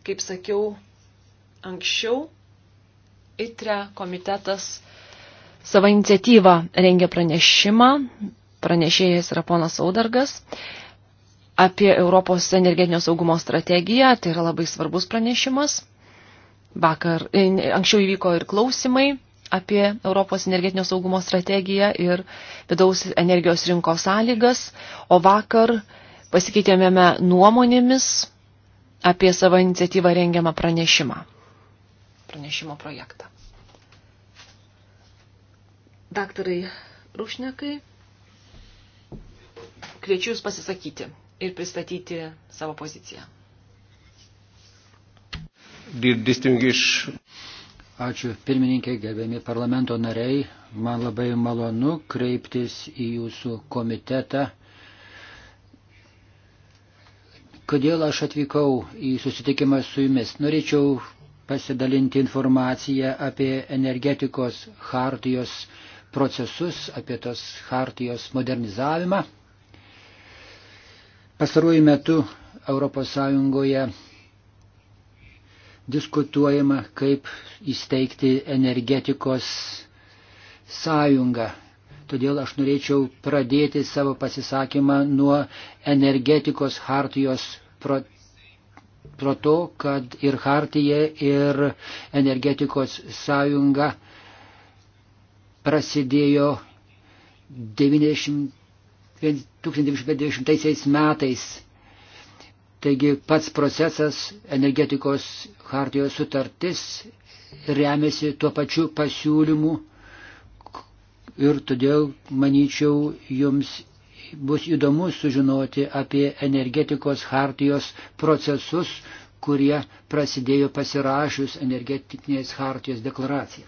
kaip sakiau anksčiau, ITRE komitetas savo iniciatyvą rengia pranešimą, pranešėjas yra ponas Saudargas, apie Europos energetinio saugumo strategiją, tai yra labai svarbus pranešimas. Vakar, e, anksčiau įvyko ir klausimai apie Europos energetinio saugumo strategiją ir vidaus energijos rinkos sąlygas, o vakar pasikeitėme nuomonėmis apie savo iniciatyvą rengiamą pranešimą, pranešimo projektą. Daktarai Rūšnekai, kviečiu Jūs pasisakyti ir pristatyti savo poziciją. Ačiū pirmininkė, gerbiami parlamento nariai. Man labai malonu kreiptis į Jūsų komitetą kodėl aš atvykau į susitikimą su jumis. Norėčiau pasidalinti informaciją apie energetikos hartijos procesus, apie tos hartijos modernizavimą. Pastaruoju metu ES diskutuojama, kaip įsteigti energetikos sąjungą Todėl aš norėčiau pradėti savo pasisakymą nuo energetikos hartijos pro, pro to, kad ir hartija, ir energetikos sąjunga prasidėjo 90, 1990 metais. Taigi pats procesas energetikos hartijos sutartis remiasi tuo pačiu pasiūlymu ir todėl, manyčiau, jums bus įdomu sužinoti apie energetikos hartijos procesus, kurie prasidėjo pasirašius energetinės hartijos deklaraciją.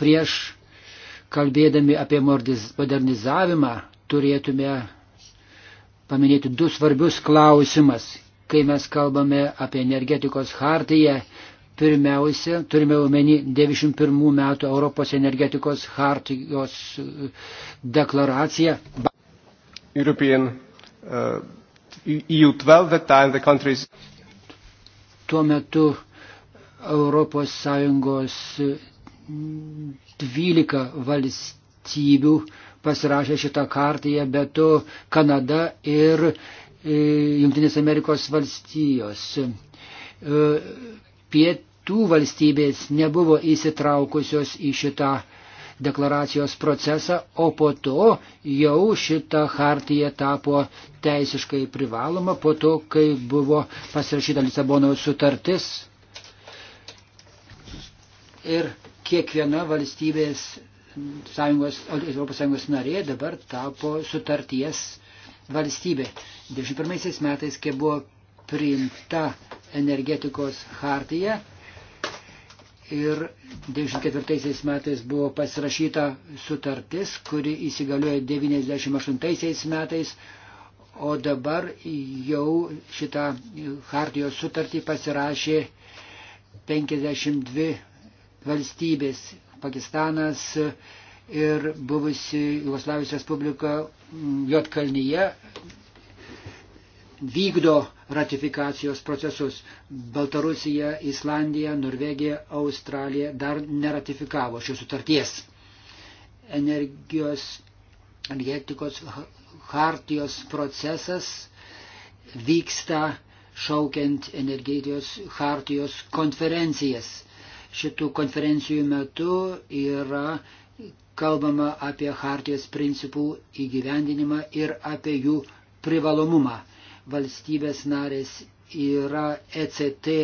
Prieš kalbėdami apie modernizavimą turėtume paminėti du svarbius klausimas. Kai mes kalbame apie energetikos hartiją, Pirmiausia, turime omeny 91 metų Europos energetikos hartijos e, deklaraciją. European, uh, EU 12, that time the countries... Tuo metu Europos Sąjungos 12 e, valstybių pasirašė šitą kartiją, bet to Kanada ir e, Junktinės Amerikos valstijos. Piet pietų valstybės nebuvo įsitraukusios į šitą deklaracijos procesą, o po to jau šita hartija tapo teisiškai privaloma, po to, kai buvo pasirašyta Lisabonos sutartis. Ir kiekviena valstybės Sąjungos, Europos Sąjungos narė dabar tapo sutarties valstybė. 91 metais, kai buvo priimta energetikos hartija, ir 94 metais buvo pasirašyta sutartis, kuri įsigaliojo 98 metais, o dabar jau šitą Hartijos sutartį pasirašė 52 valstybės - Pakistanas ir buvusi Jugoslavijos Respublika mm, Jotkalnyje, vykdo ratifikacijos procesus. Baltarusija, Islandija, Norvegija, Australija dar neratifikavo šios sutarties. Energijos, energetikos hartijos procesas vyksta šaukiant energetijos hartijos konferencijas. Šitų konferencijų metu yra kalbama apie hartijos principų įgyvendinimą ir apie jų privalomumą valstybės narės yra ECT e,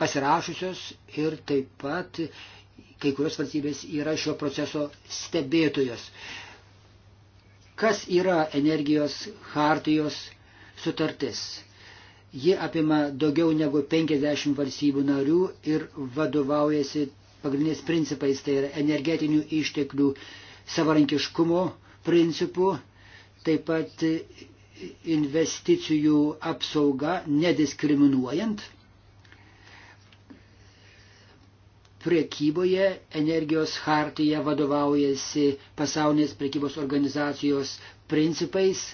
pasirašusios ir taip pat kai kurios valstybės yra šio proceso stebėtojos. Kas yra energijos hartijos sutartis? Ji apima daugiau negu 50 valstybių narių ir vadovaujasi pagrindiniais principais, tai yra energetinių išteklių savarankiškumo principu, taip pat investicijų apsauga nediskriminuojant. Priekyboje energijos hartija vadovaujasi pasaulinės priekybos organizacijos principais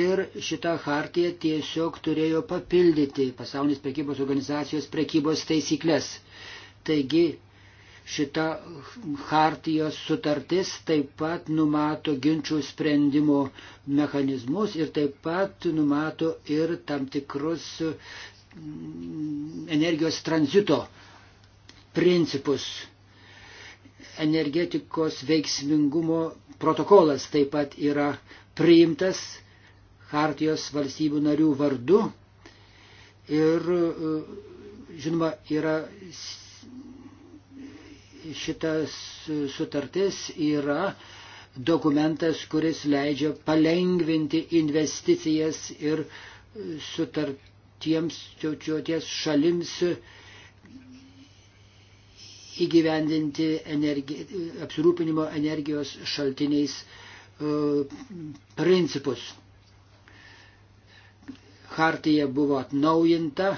ir šita hartija tiesiog turėjo papildyti pasaulinės priekybos organizacijos priekybos taisyklės. Taigi Šita hartijos sutartis taip pat numato ginčių sprendimo mechanizmus ir taip pat numato ir tam tikrus mm, energijos tranzito principus. Energetikos veiksmingumo protokolas taip pat yra priimtas Hartijos valstybių narių vardu ir e, žinoma yra šitas sutartis yra dokumentas, kuris leidžia palengvinti investicijas ir sutartiems čiaučioties šalims įgyvendinti energi, apsirūpinimo energijos šaltiniais e, principus. Hartija buvo atnaujinta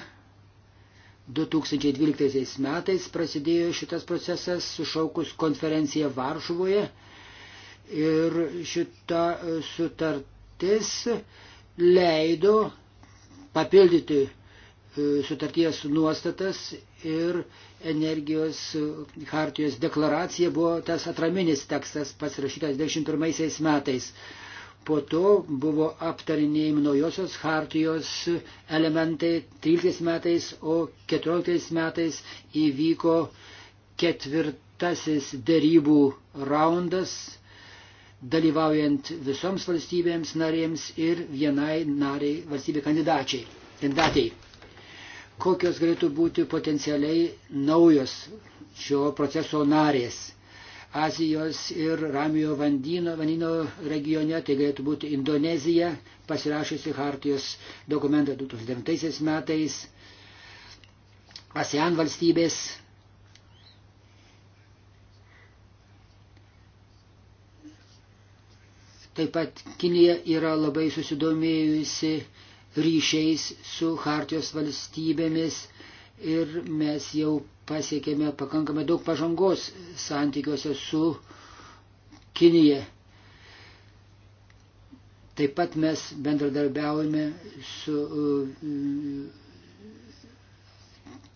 2012 metais prasidėjo šitas procesas sušaukus konferenciją Varšuvoje ir šita e, sutartis leido papildyti e, sutarties nuostatas ir energijos e, hartijos deklaracija buvo tas atraminis tekstas pasirašytas 21 metais. Po to buvo aptarinėjami naujosios hartijos elementai 13 metais, o 14 metais įvyko ketvirtasis dėrybų raundas, dalyvaujant visoms valstybėms narėms ir vienai nariai valstybė kandidačiai. kandidatai. Kokios galėtų būti potencialiai naujos šio proceso narės? Azijos ir Ramijo vandyno, vandyno regione, tai galėtų būti Indonezija, pasirašysi Hartijos dokumentą 2009 metais, ASEAN valstybės. Taip pat Kinija yra labai susidomėjusi ryšiais su Hartijos valstybėmis ir mes jau pasiekėme pakankamai daug pažangos santykiuose su Kinija. Taip pat mes bendradarbiaujame su uh,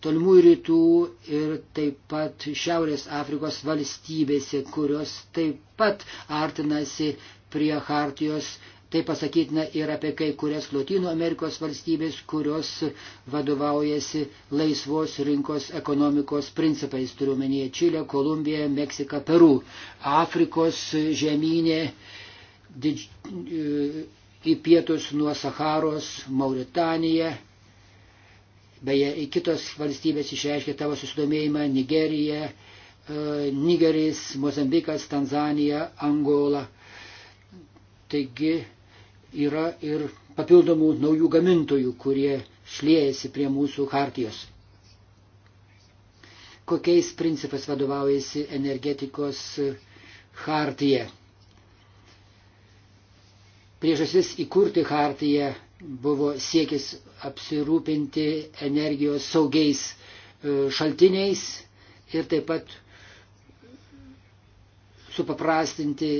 Tolimų rytų ir taip pat Šiaurės Afrikos valstybėse, kurios taip pat artinasi prie Hartijos Tai pasakytina ir apie kai kurias Lotynų Amerikos valstybės, kurios vadovaujasi laisvos rinkos ekonomikos principais, turiuomenyje Čilė, Kolumbija, Meksika, Peru. Afrikos žemynė didž... E, į pietus nuo Saharos, Mauritanija. Beje, kitos valstybės išreiškė tavo susidomėjimą - Nigerija, e, Nigeris, Mozambikas, Tanzanija, Angola. Taigi yra ir papildomų naujų gamintojų, kurie šliejasi prie mūsų hartijos. Kokiais principais vadovaujasi energetikos hartija? Priežasis įkurti hartiją buvo siekis apsirūpinti energijos saugiais e, šaltiniais ir taip pat supaprastinti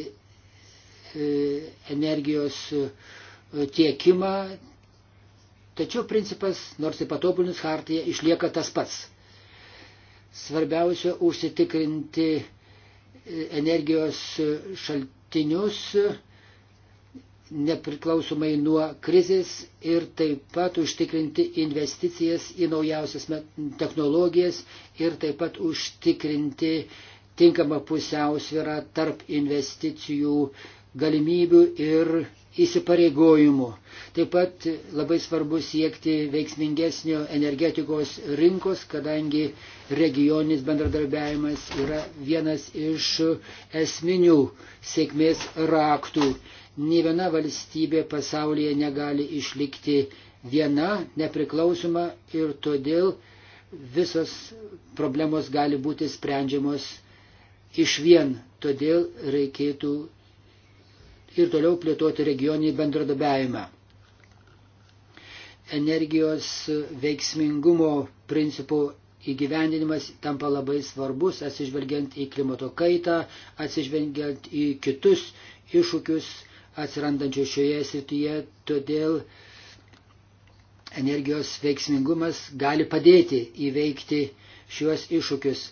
E, energijos e, tiekimą, tačiau principas, nors ir patobulinus hartiją, išlieka tas pats. Svarbiausia užsitikrinti e, energijos šaltinius nepriklausomai nuo krizės ir taip pat užtikrinti investicijas į naujausias technologijas ir taip pat užtikrinti tinkamą pusiausvyrą tarp investicijų galimybių ir įsipareigojimų. Taip pat labai svarbu siekti veiksmingesnio energetikos rinkos, kadangi regioninis bendradarbiavimas yra vienas iš esminių sėkmės raktų. Nė viena valstybė pasaulyje negali išlikti viena, nepriklausoma ir todėl visos problemos gali būti sprendžiamos iš vien. Todėl reikėtų ir toliau plėtoti regioninį bendradarbiavimą. Energijos veiksmingumo principų įgyvendinimas tampa labai svarbus, atsižvelgiant į klimato kaitą, atsižvelgiant į kitus iššūkius atsirandančius šioje srityje, todėl energijos veiksmingumas gali padėti įveikti šiuos iššūkius.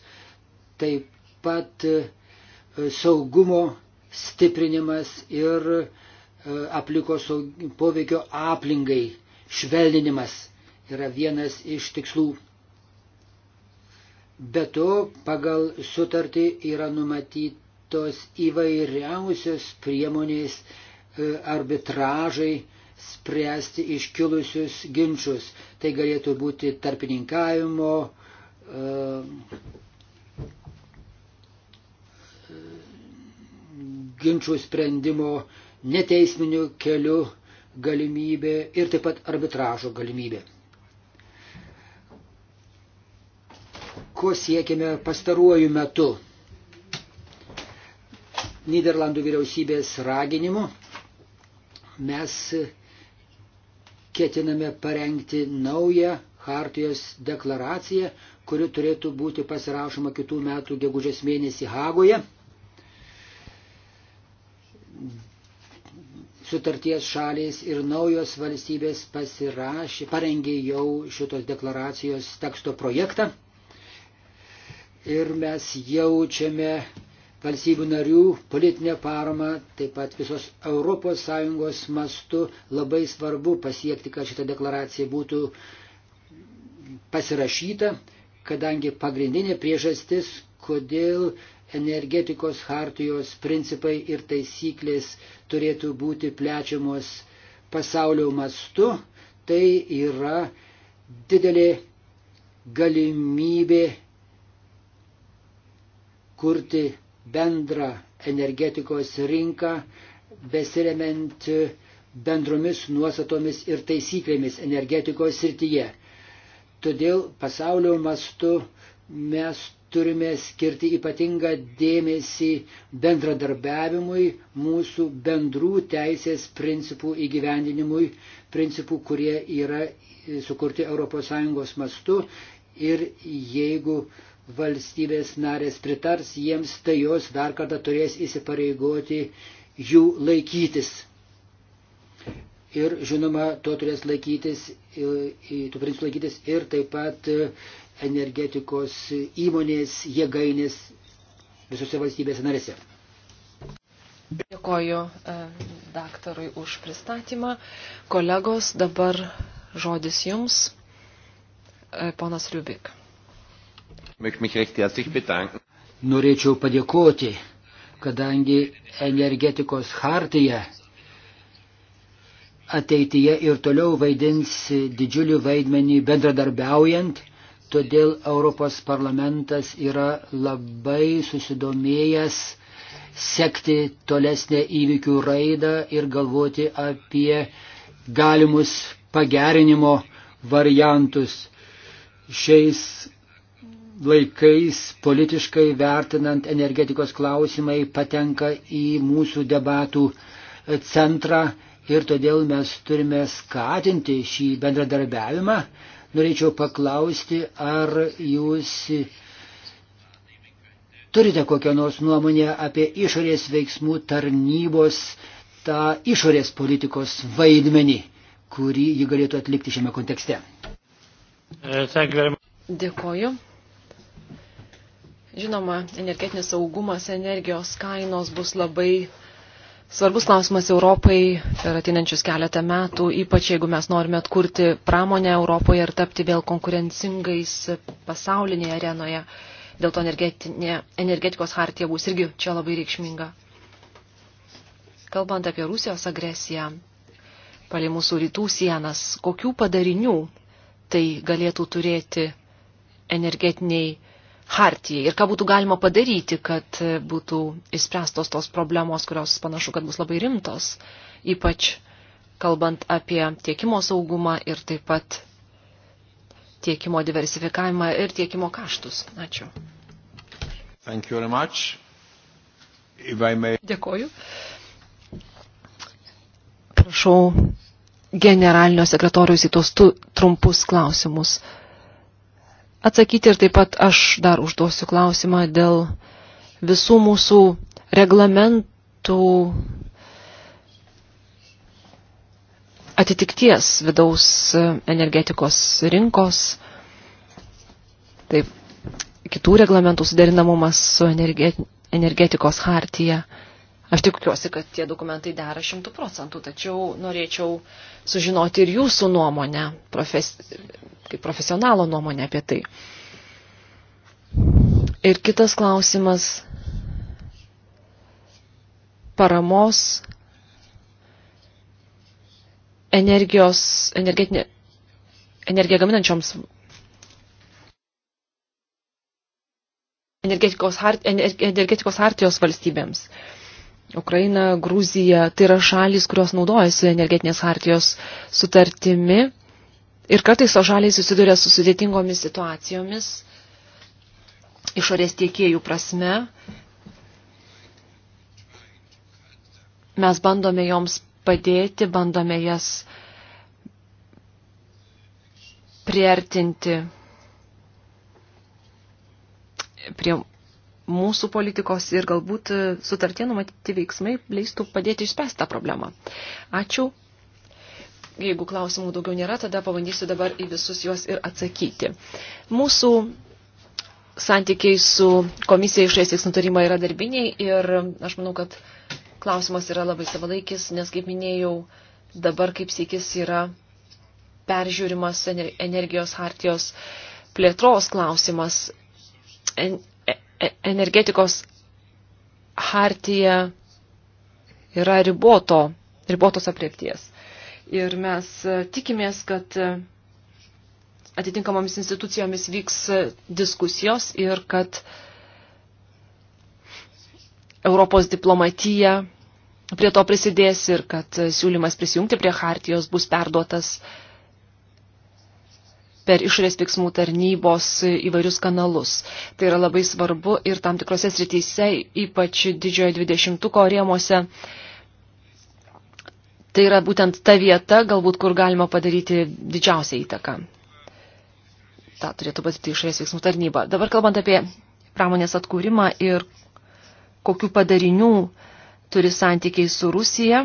Taip pat saugumo stiprinimas ir e, aplikos poveikio aplinkai švelninimas yra vienas iš tikslų. Be to, pagal sutartį yra numatytos įvairiausios priemonės e, arbitražai spręsti iškilusius ginčius. Tai galėtų būti tarpininkavimo, e, ginčių sprendimo neteisminiu keliu galimybė ir taip pat arbitražo galimybė. Ko siekime pastaruoju metu? Niderlandų vyriausybės raginimu mes ketiname parengti naują Hartijos deklaraciją, kuri turėtų būti pasirašoma kitų metų gegužės mėnesį Hagoje. sutarties šalys ir naujos valstybės pasirašė, parengė jau šitos deklaracijos teksto projektą. Ir mes jaučiame valstybių narių politinę paramą, taip pat visos ES mastu labai svarbu pasiekti, kad šita deklaracija būtų pasirašyta, kadangi pagrindinė priežastis, kodėl energetikos hartijos principai ir taisyklės turėtų būti plečiamos pasaulio mastu, tai yra didelė galimybė kurti bendrą energetikos rinką, besiremiant bendromis nuostatomis ir taisyklėmis energetikos srityje. Todėl pasaulio mastu mes turime skirti ypatingą dėmesį bendradarbiavimui, mūsų bendrų teisės principų įgyvendinimui, principų, kurie yra sukurti ES mastu ir jeigu valstybės narės pritars jiems, tai jos dar kartą turės įsipareigoti jų laikytis. Ir žinoma, to turės laikytis, tų principų laikytis ir taip pat energetikos įmonės, jėgainės visose valstybėse narėse. Dėkoju e, daktarui už pristatymą. Kolegos, dabar žodis jums, e, ponas Riubik. Norėčiau padėkoti, kadangi energetikos hartija ateityje ir toliau vaidins didžiulį vaidmenį bendradarbiaujant Todėl Europos parlamentas yra labai susidomėjęs sekti tolesnę įvykių raidą ir galvoti apie galimus pagerinimo variantus. Šiais laikais politiškai vertinant energetikos klausimai patenka į mūsų debatų centrą ir todėl mes turime skatinti šį bendradarbiavimą, norėčiau paklausti, ar jūs turite kokią nors nuomonę apie išorės veiksmų tarnybos, tą išorės politikos vaidmenį, kurį ji galėtų atlikti šiame kontekste. Uh, Dėkoju. Žinoma, energetinis saugumas, energijos kainos bus labai svarbus klausimas Europai per atinančius keletą metų, ypač jeigu mes norime atkurti pramonę Europoje ir tapti vėl konkurencingais pasaulinėje arenoje. Dėl to energetikos hartija bus irgi čia labai reikšminga. Kalbant apie Rusijos agresiją, palei mūsų rytų sienas, kokių padarinių tai galėtų turėti energetiniai hartijai ir ką būtų galima padaryti, kad būtų išspręstos tos problemos, kurios panašu, kad bus labai rimtos, ypač kalbant apie tiekimo saugumą ir taip pat tiekimo diversifikavimą ir tiekimo kaštus. Ačiū. May... Dėkoju. Prašau generalinio sekretoriaus į tos tu, trumpus klausimus atsakyti ir taip pat aš dar užduosiu klausimą dėl visų mūsų reglamentų atitikties vidaus energetikos rinkos, taip, kitų reglamentų suderinamumas su energetikos hartyje. Aš tikiuosi, kad tie dokumentai dera šimtų procentų, tačiau norėčiau sužinoti ir jūsų nuomonę, profes, kaip profesionalo nuomonę apie tai. Ir kitas klausimas - paramos energijos, energetinė, energiją gaminančioms energetikos, hart, energetikos hartijos valstybėms. Ukraina, Gruzija, tai yra šalis, kurios naudojasi energetinės hartijos sutartimi ir kartais to šaliai susiduria su sudėtingomis situacijomis išorės tiekėjų prasme. Mes bandome joms padėti, bandome jas priartinti prie mūsų politikos ir galbūt e, sutartie numatyti veiksmai leistų padėti išspręsti tą problemą. Ačiū. Jeigu klausimų daugiau nėra, tada pabandysiu dabar į visus juos ir atsakyti. Mūsų santykiai su komisija išreisės nutarimą yra darbiniai ir aš manau, kad klausimas yra labai savalaikis, nes, kaip minėjau, dabar kaip sėkis yra peržiūrimas energijos hartijos plėtros klausimas. E, energetikos hartija yra riboto, ribotos apriepties. Ir mes e, tikimės, kad e, atitinkamomis institucijomis vyks diskusijos ir kad Europos diplomatija prie to prisidės ir kad siūlymas prisijungti prie hartijos bus perduotas uh, per išorės veiksmų tarnybos įvairius kanalus. Tai yra labai svarbu ir tam tikrose srityse, ypač didžiojo dvidešimtuko rėmose, tai yra būtent ta vieta, galbūt, kur galima padaryti didžiausią įtaką. Ta turėtų patirti išorės veiksmų tarnyba. Dabar kalbant apie pramonės atkūrimą ir kokių padarinių turi santykiai su Rusija,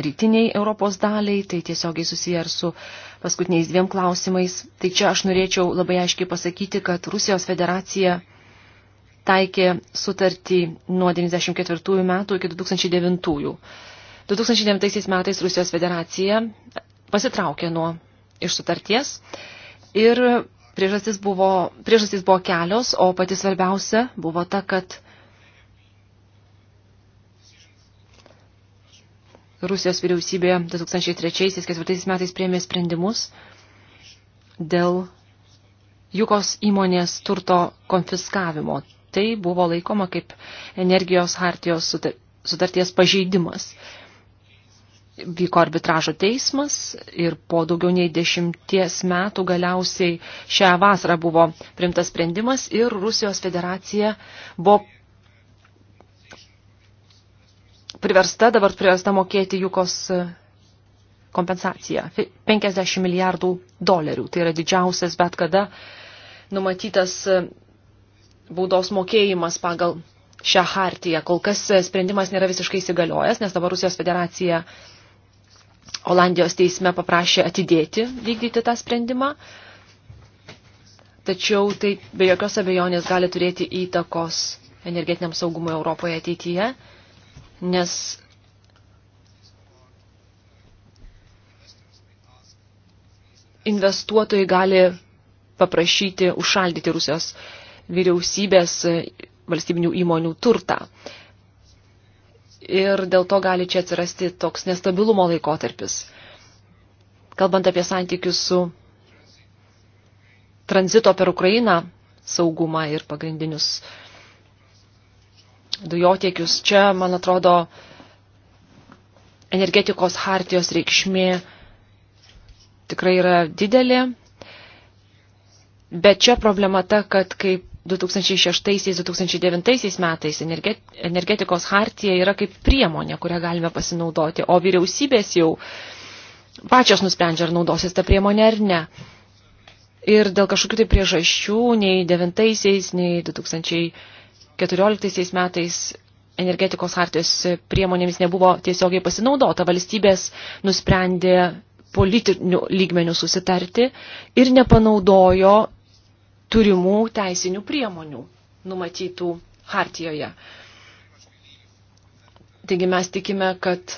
rytiniai Europos daliai, tai tiesiogiai susiję ir su uh, paskutiniais dviem klausimais. Tai čia aš norėčiau labai aiškiai pasakyti, kad Rusijos federacija taikė sutartį nuo 1994 metų iki 2009. 2009 metais Rusijos federacija pasitraukė nuo iš sutarties ir priežastys buvo, priežastys buvo kelios, o pati svarbiausia buvo ta, kad Rusijos vyriausybė 2003-2004 metais priemė sprendimus dėl Jukos įmonės turto konfiskavimo. Tai buvo laikoma kaip energijos hartijos sutarties pažeidimas. Vyko arbitražo teismas ir po daugiau nei dešimties metų galiausiai šią vasarą buvo primtas sprendimas ir Rusijos federacija buvo priversta dabar priversta mokėti Jukos e, kompensaciją. 50 milijardų dolerių. Tai yra didžiausias bet kada numatytas e, baudos mokėjimas pagal šią hartiją. Kol kas e, sprendimas nėra visiškai įsigaliojęs, nes dabar Rusijos federacija Olandijos teisme paprašė atidėti vykdyti tą sprendimą. Tačiau tai be jokios abejonės gali turėti įtakos energetiniam saugumui Europoje ateityje nes investuotojai gali paprašyti užšaldyti Rusijos vyriausybės e, valstybinių įmonių turtą. Ir dėl to gali čia atsirasti toks nestabilumo laikotarpis. Kalbant apie santykius su tranzito per Ukrainą saugumą ir pagrindinius uh, dujotiekius. Čia, man atrodo, energetikos hartijos reikšmė tikrai yra didelė. Bet čia problema ta, kad kaip 2006-2009 metais energetikos hartija yra kaip priemonė, kurią galime pasinaudoti, o vyriausybės jau pačios nusprendžia, ar naudosis tą priemonę ar ne. Ir dėl kažkokių tai priežasčių nei 2009, nei 2000 14 metais energetikos hartijos priemonėmis nebuvo tiesiogiai pasinaudota. Valstybės nusprendė politinių lygmenių susitarti ir nepanaudojo turimų teisinių priemonių numatytų hartijoje. Taigi mes tikime, kad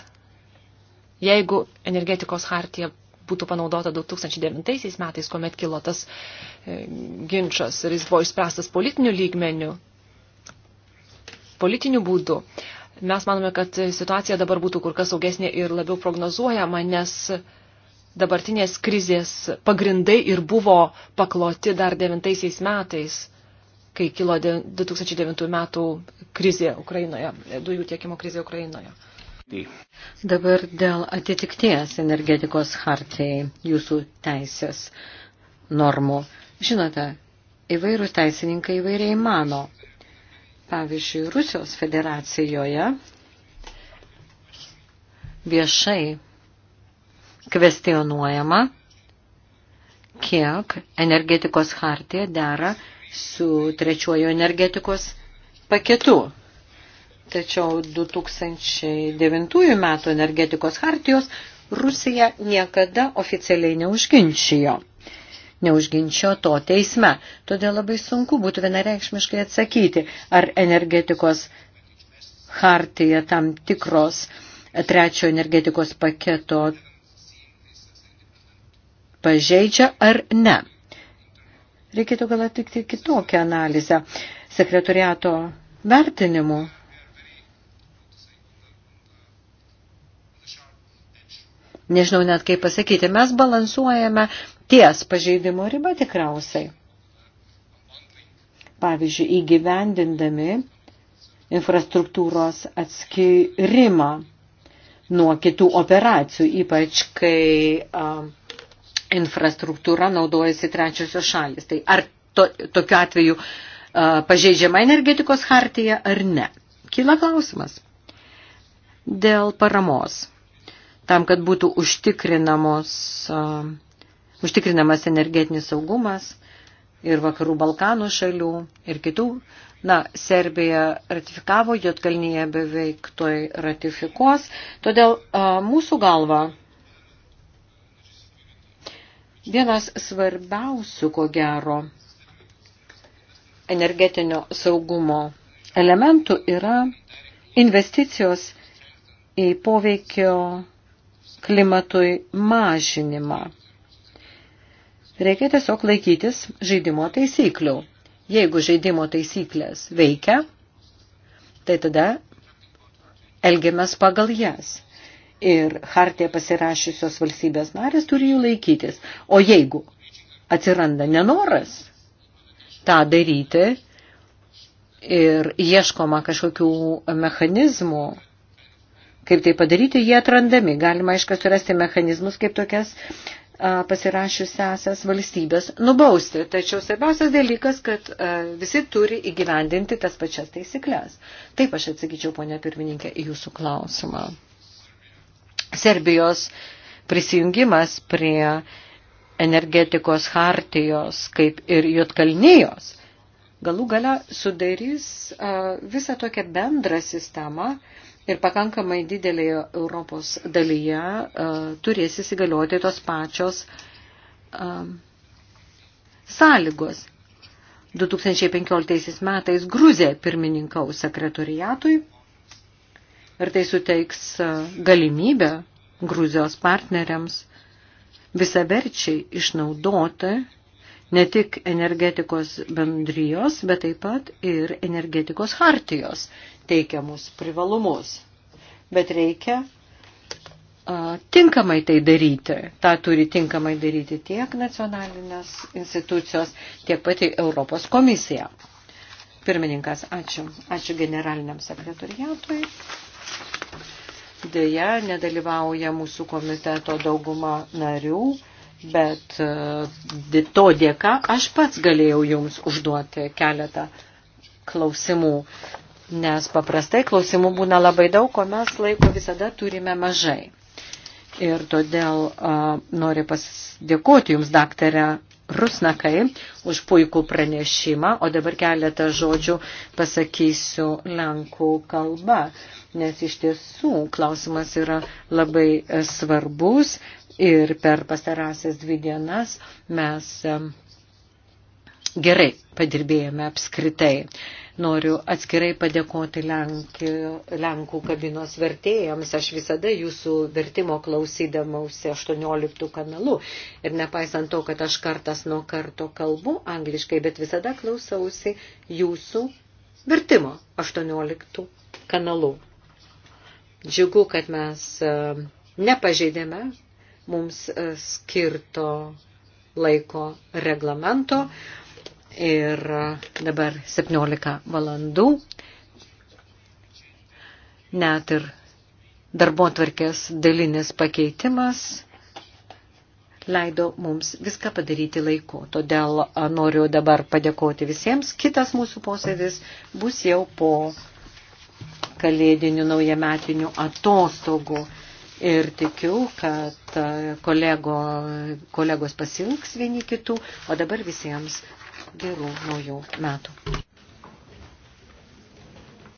jeigu energetikos hartija būtų panaudota 2009 metais, kuomet kilo tas e, ginčas ir jis buvo išspręstas politiniu lygmeniu, politiniu būdu. Mes manome, kad situacija dabar būtų kur kas saugesnė ir labiau prognozuojama, nes dabartinės krizės pagrindai ir buvo pakloti dar devintaisiais metais, kai kilo 2009 metų krizė Ukrainoje, dujų tiekimo krizė Ukrainoje. Dabar dėl atitikties energetikos hartijai jūsų teisės normų. Žinote, įvairūs teisininkai įvairiai mano, Pavyzdžiui, Rusijos federacijoje viešai kvestionuojama, kiek energetikos hartija dera su trečiojo energetikos paketu. Tačiau 2009 metų energetikos hartijos Rusija niekada oficialiai neužginčijo neužginčio to teisme. Todėl labai sunku būtų vienareikšmiškai atsakyti, ar energetikos hartija tam tikros trečio energetikos paketo pažeidžia ar ne. Reikėtų gal atlikti kitokią analizę sekretoriato vertinimu. Nežinau net kaip pasakyti, mes balansuojame ties pažeidimo riba tikriausiai. Pavyzdžiui, įgyvendindami infrastruktūros atskirimą nuo kitų operacijų, ypač kai a, infrastruktūra naudojasi trečiosios šalis. Tai ar to, tokiu atveju a, pažeidžiama energetikos hartija ar ne? Kyla klausimas dėl paramos, tam, kad būtų užtikrinamos a, užtikrinamas energetinis saugumas ir vakarų Balkanų šalių ir kitų. Na, Serbija ratifikavo, Jotkalnyje beveik toj ratifikuos. Todėl a, mūsų galva vienas svarbiausių, ko gero, energetinio saugumo elementų yra investicijos į poveikio klimatui mažinimą. Reikia tiesiog laikytis žaidimo taisyklių. Jeigu žaidimo taisyklės veikia, tai tada elgiamės pagal jas. Ir hartė pasirašysios valstybės narės turi jų laikytis. O jeigu atsiranda nenoras tą daryti ir ieškoma kažkokių mechanizmų, kaip tai padaryti, jie atrandami. Galima, aišku, surasti mechanizmus, kaip tokias pasirašiusiasias valstybės nubausti. Tačiau svarbiausias dalykas, kad visi turi įgyvendinti tas pačias taisyklės. Taip aš atsakyčiau, ponia pirmininkė, į jūsų klausimą. Serbijos prisijungimas prie energetikos hartijos, kaip ir Jotkalnijos, galų gale sudarys visą tokią bendrą sistemą, ir pakankamai didelėje Europos dalyje uh, turės įsigalioti tos pačios uh, sąlygos. 2015 metais Gruzė pirmininkau sekretoriatui ir tai suteiks e, galimybę Gruzijos partneriams visaverčiai išnaudoti ne tik energetikos bendrijos, bet taip pat ir energetikos hartijos teikiamus privalumus. Bet reikia a, tinkamai tai daryti. Ta turi tinkamai daryti tiek nacionalinės institucijos, tiek pati Europos komisija. Pirmininkas, ačiū. Ačiū generaliniam sekretoriatui dėja nedalyvauja mūsų komiteto dauguma narių, bet e, to dėka aš pats galėjau jums užduoti keletą klausimų, nes paprastai klausimų būna labai daug, o mes laiko visada turime mažai. Ir todėl uh, noriu pasidėkoti Jums, daktarė Rusnakai, už puikų pranešimą, o dabar keletą žodžių pasakysiu lenkų kalba, nes iš tiesų klausimas yra labai e, svarbus, Ir per pastarąsias dvi dienas mes gerai padirbėjome apskritai. Noriu atskirai padėkoti Lenkį, Lenkų kabinos vertėjams. Aš visada jūsų vertimo klausydamausi 18 kanalu. Ir nepaisant to, kad aš kartas nuo karto kalbu angliškai, bet visada klausausi jūsų vertimo 18 kanalu. Džiugu, kad mes nepažeidėme mums e, skirto laiko reglamento ir e, dabar 17 valandų. Net ir darbo tvarkės dalinis pakeitimas leido mums viską padaryti laiku. Todėl e, noriu dabar padėkoti visiems. Kitas mūsų posėdis bus jau po kalėdinių naujametinių atostogų ir tikiu, kad e, kolego, kolegos pasilgs vieni kitų, o dabar visiems gerų naujų metų.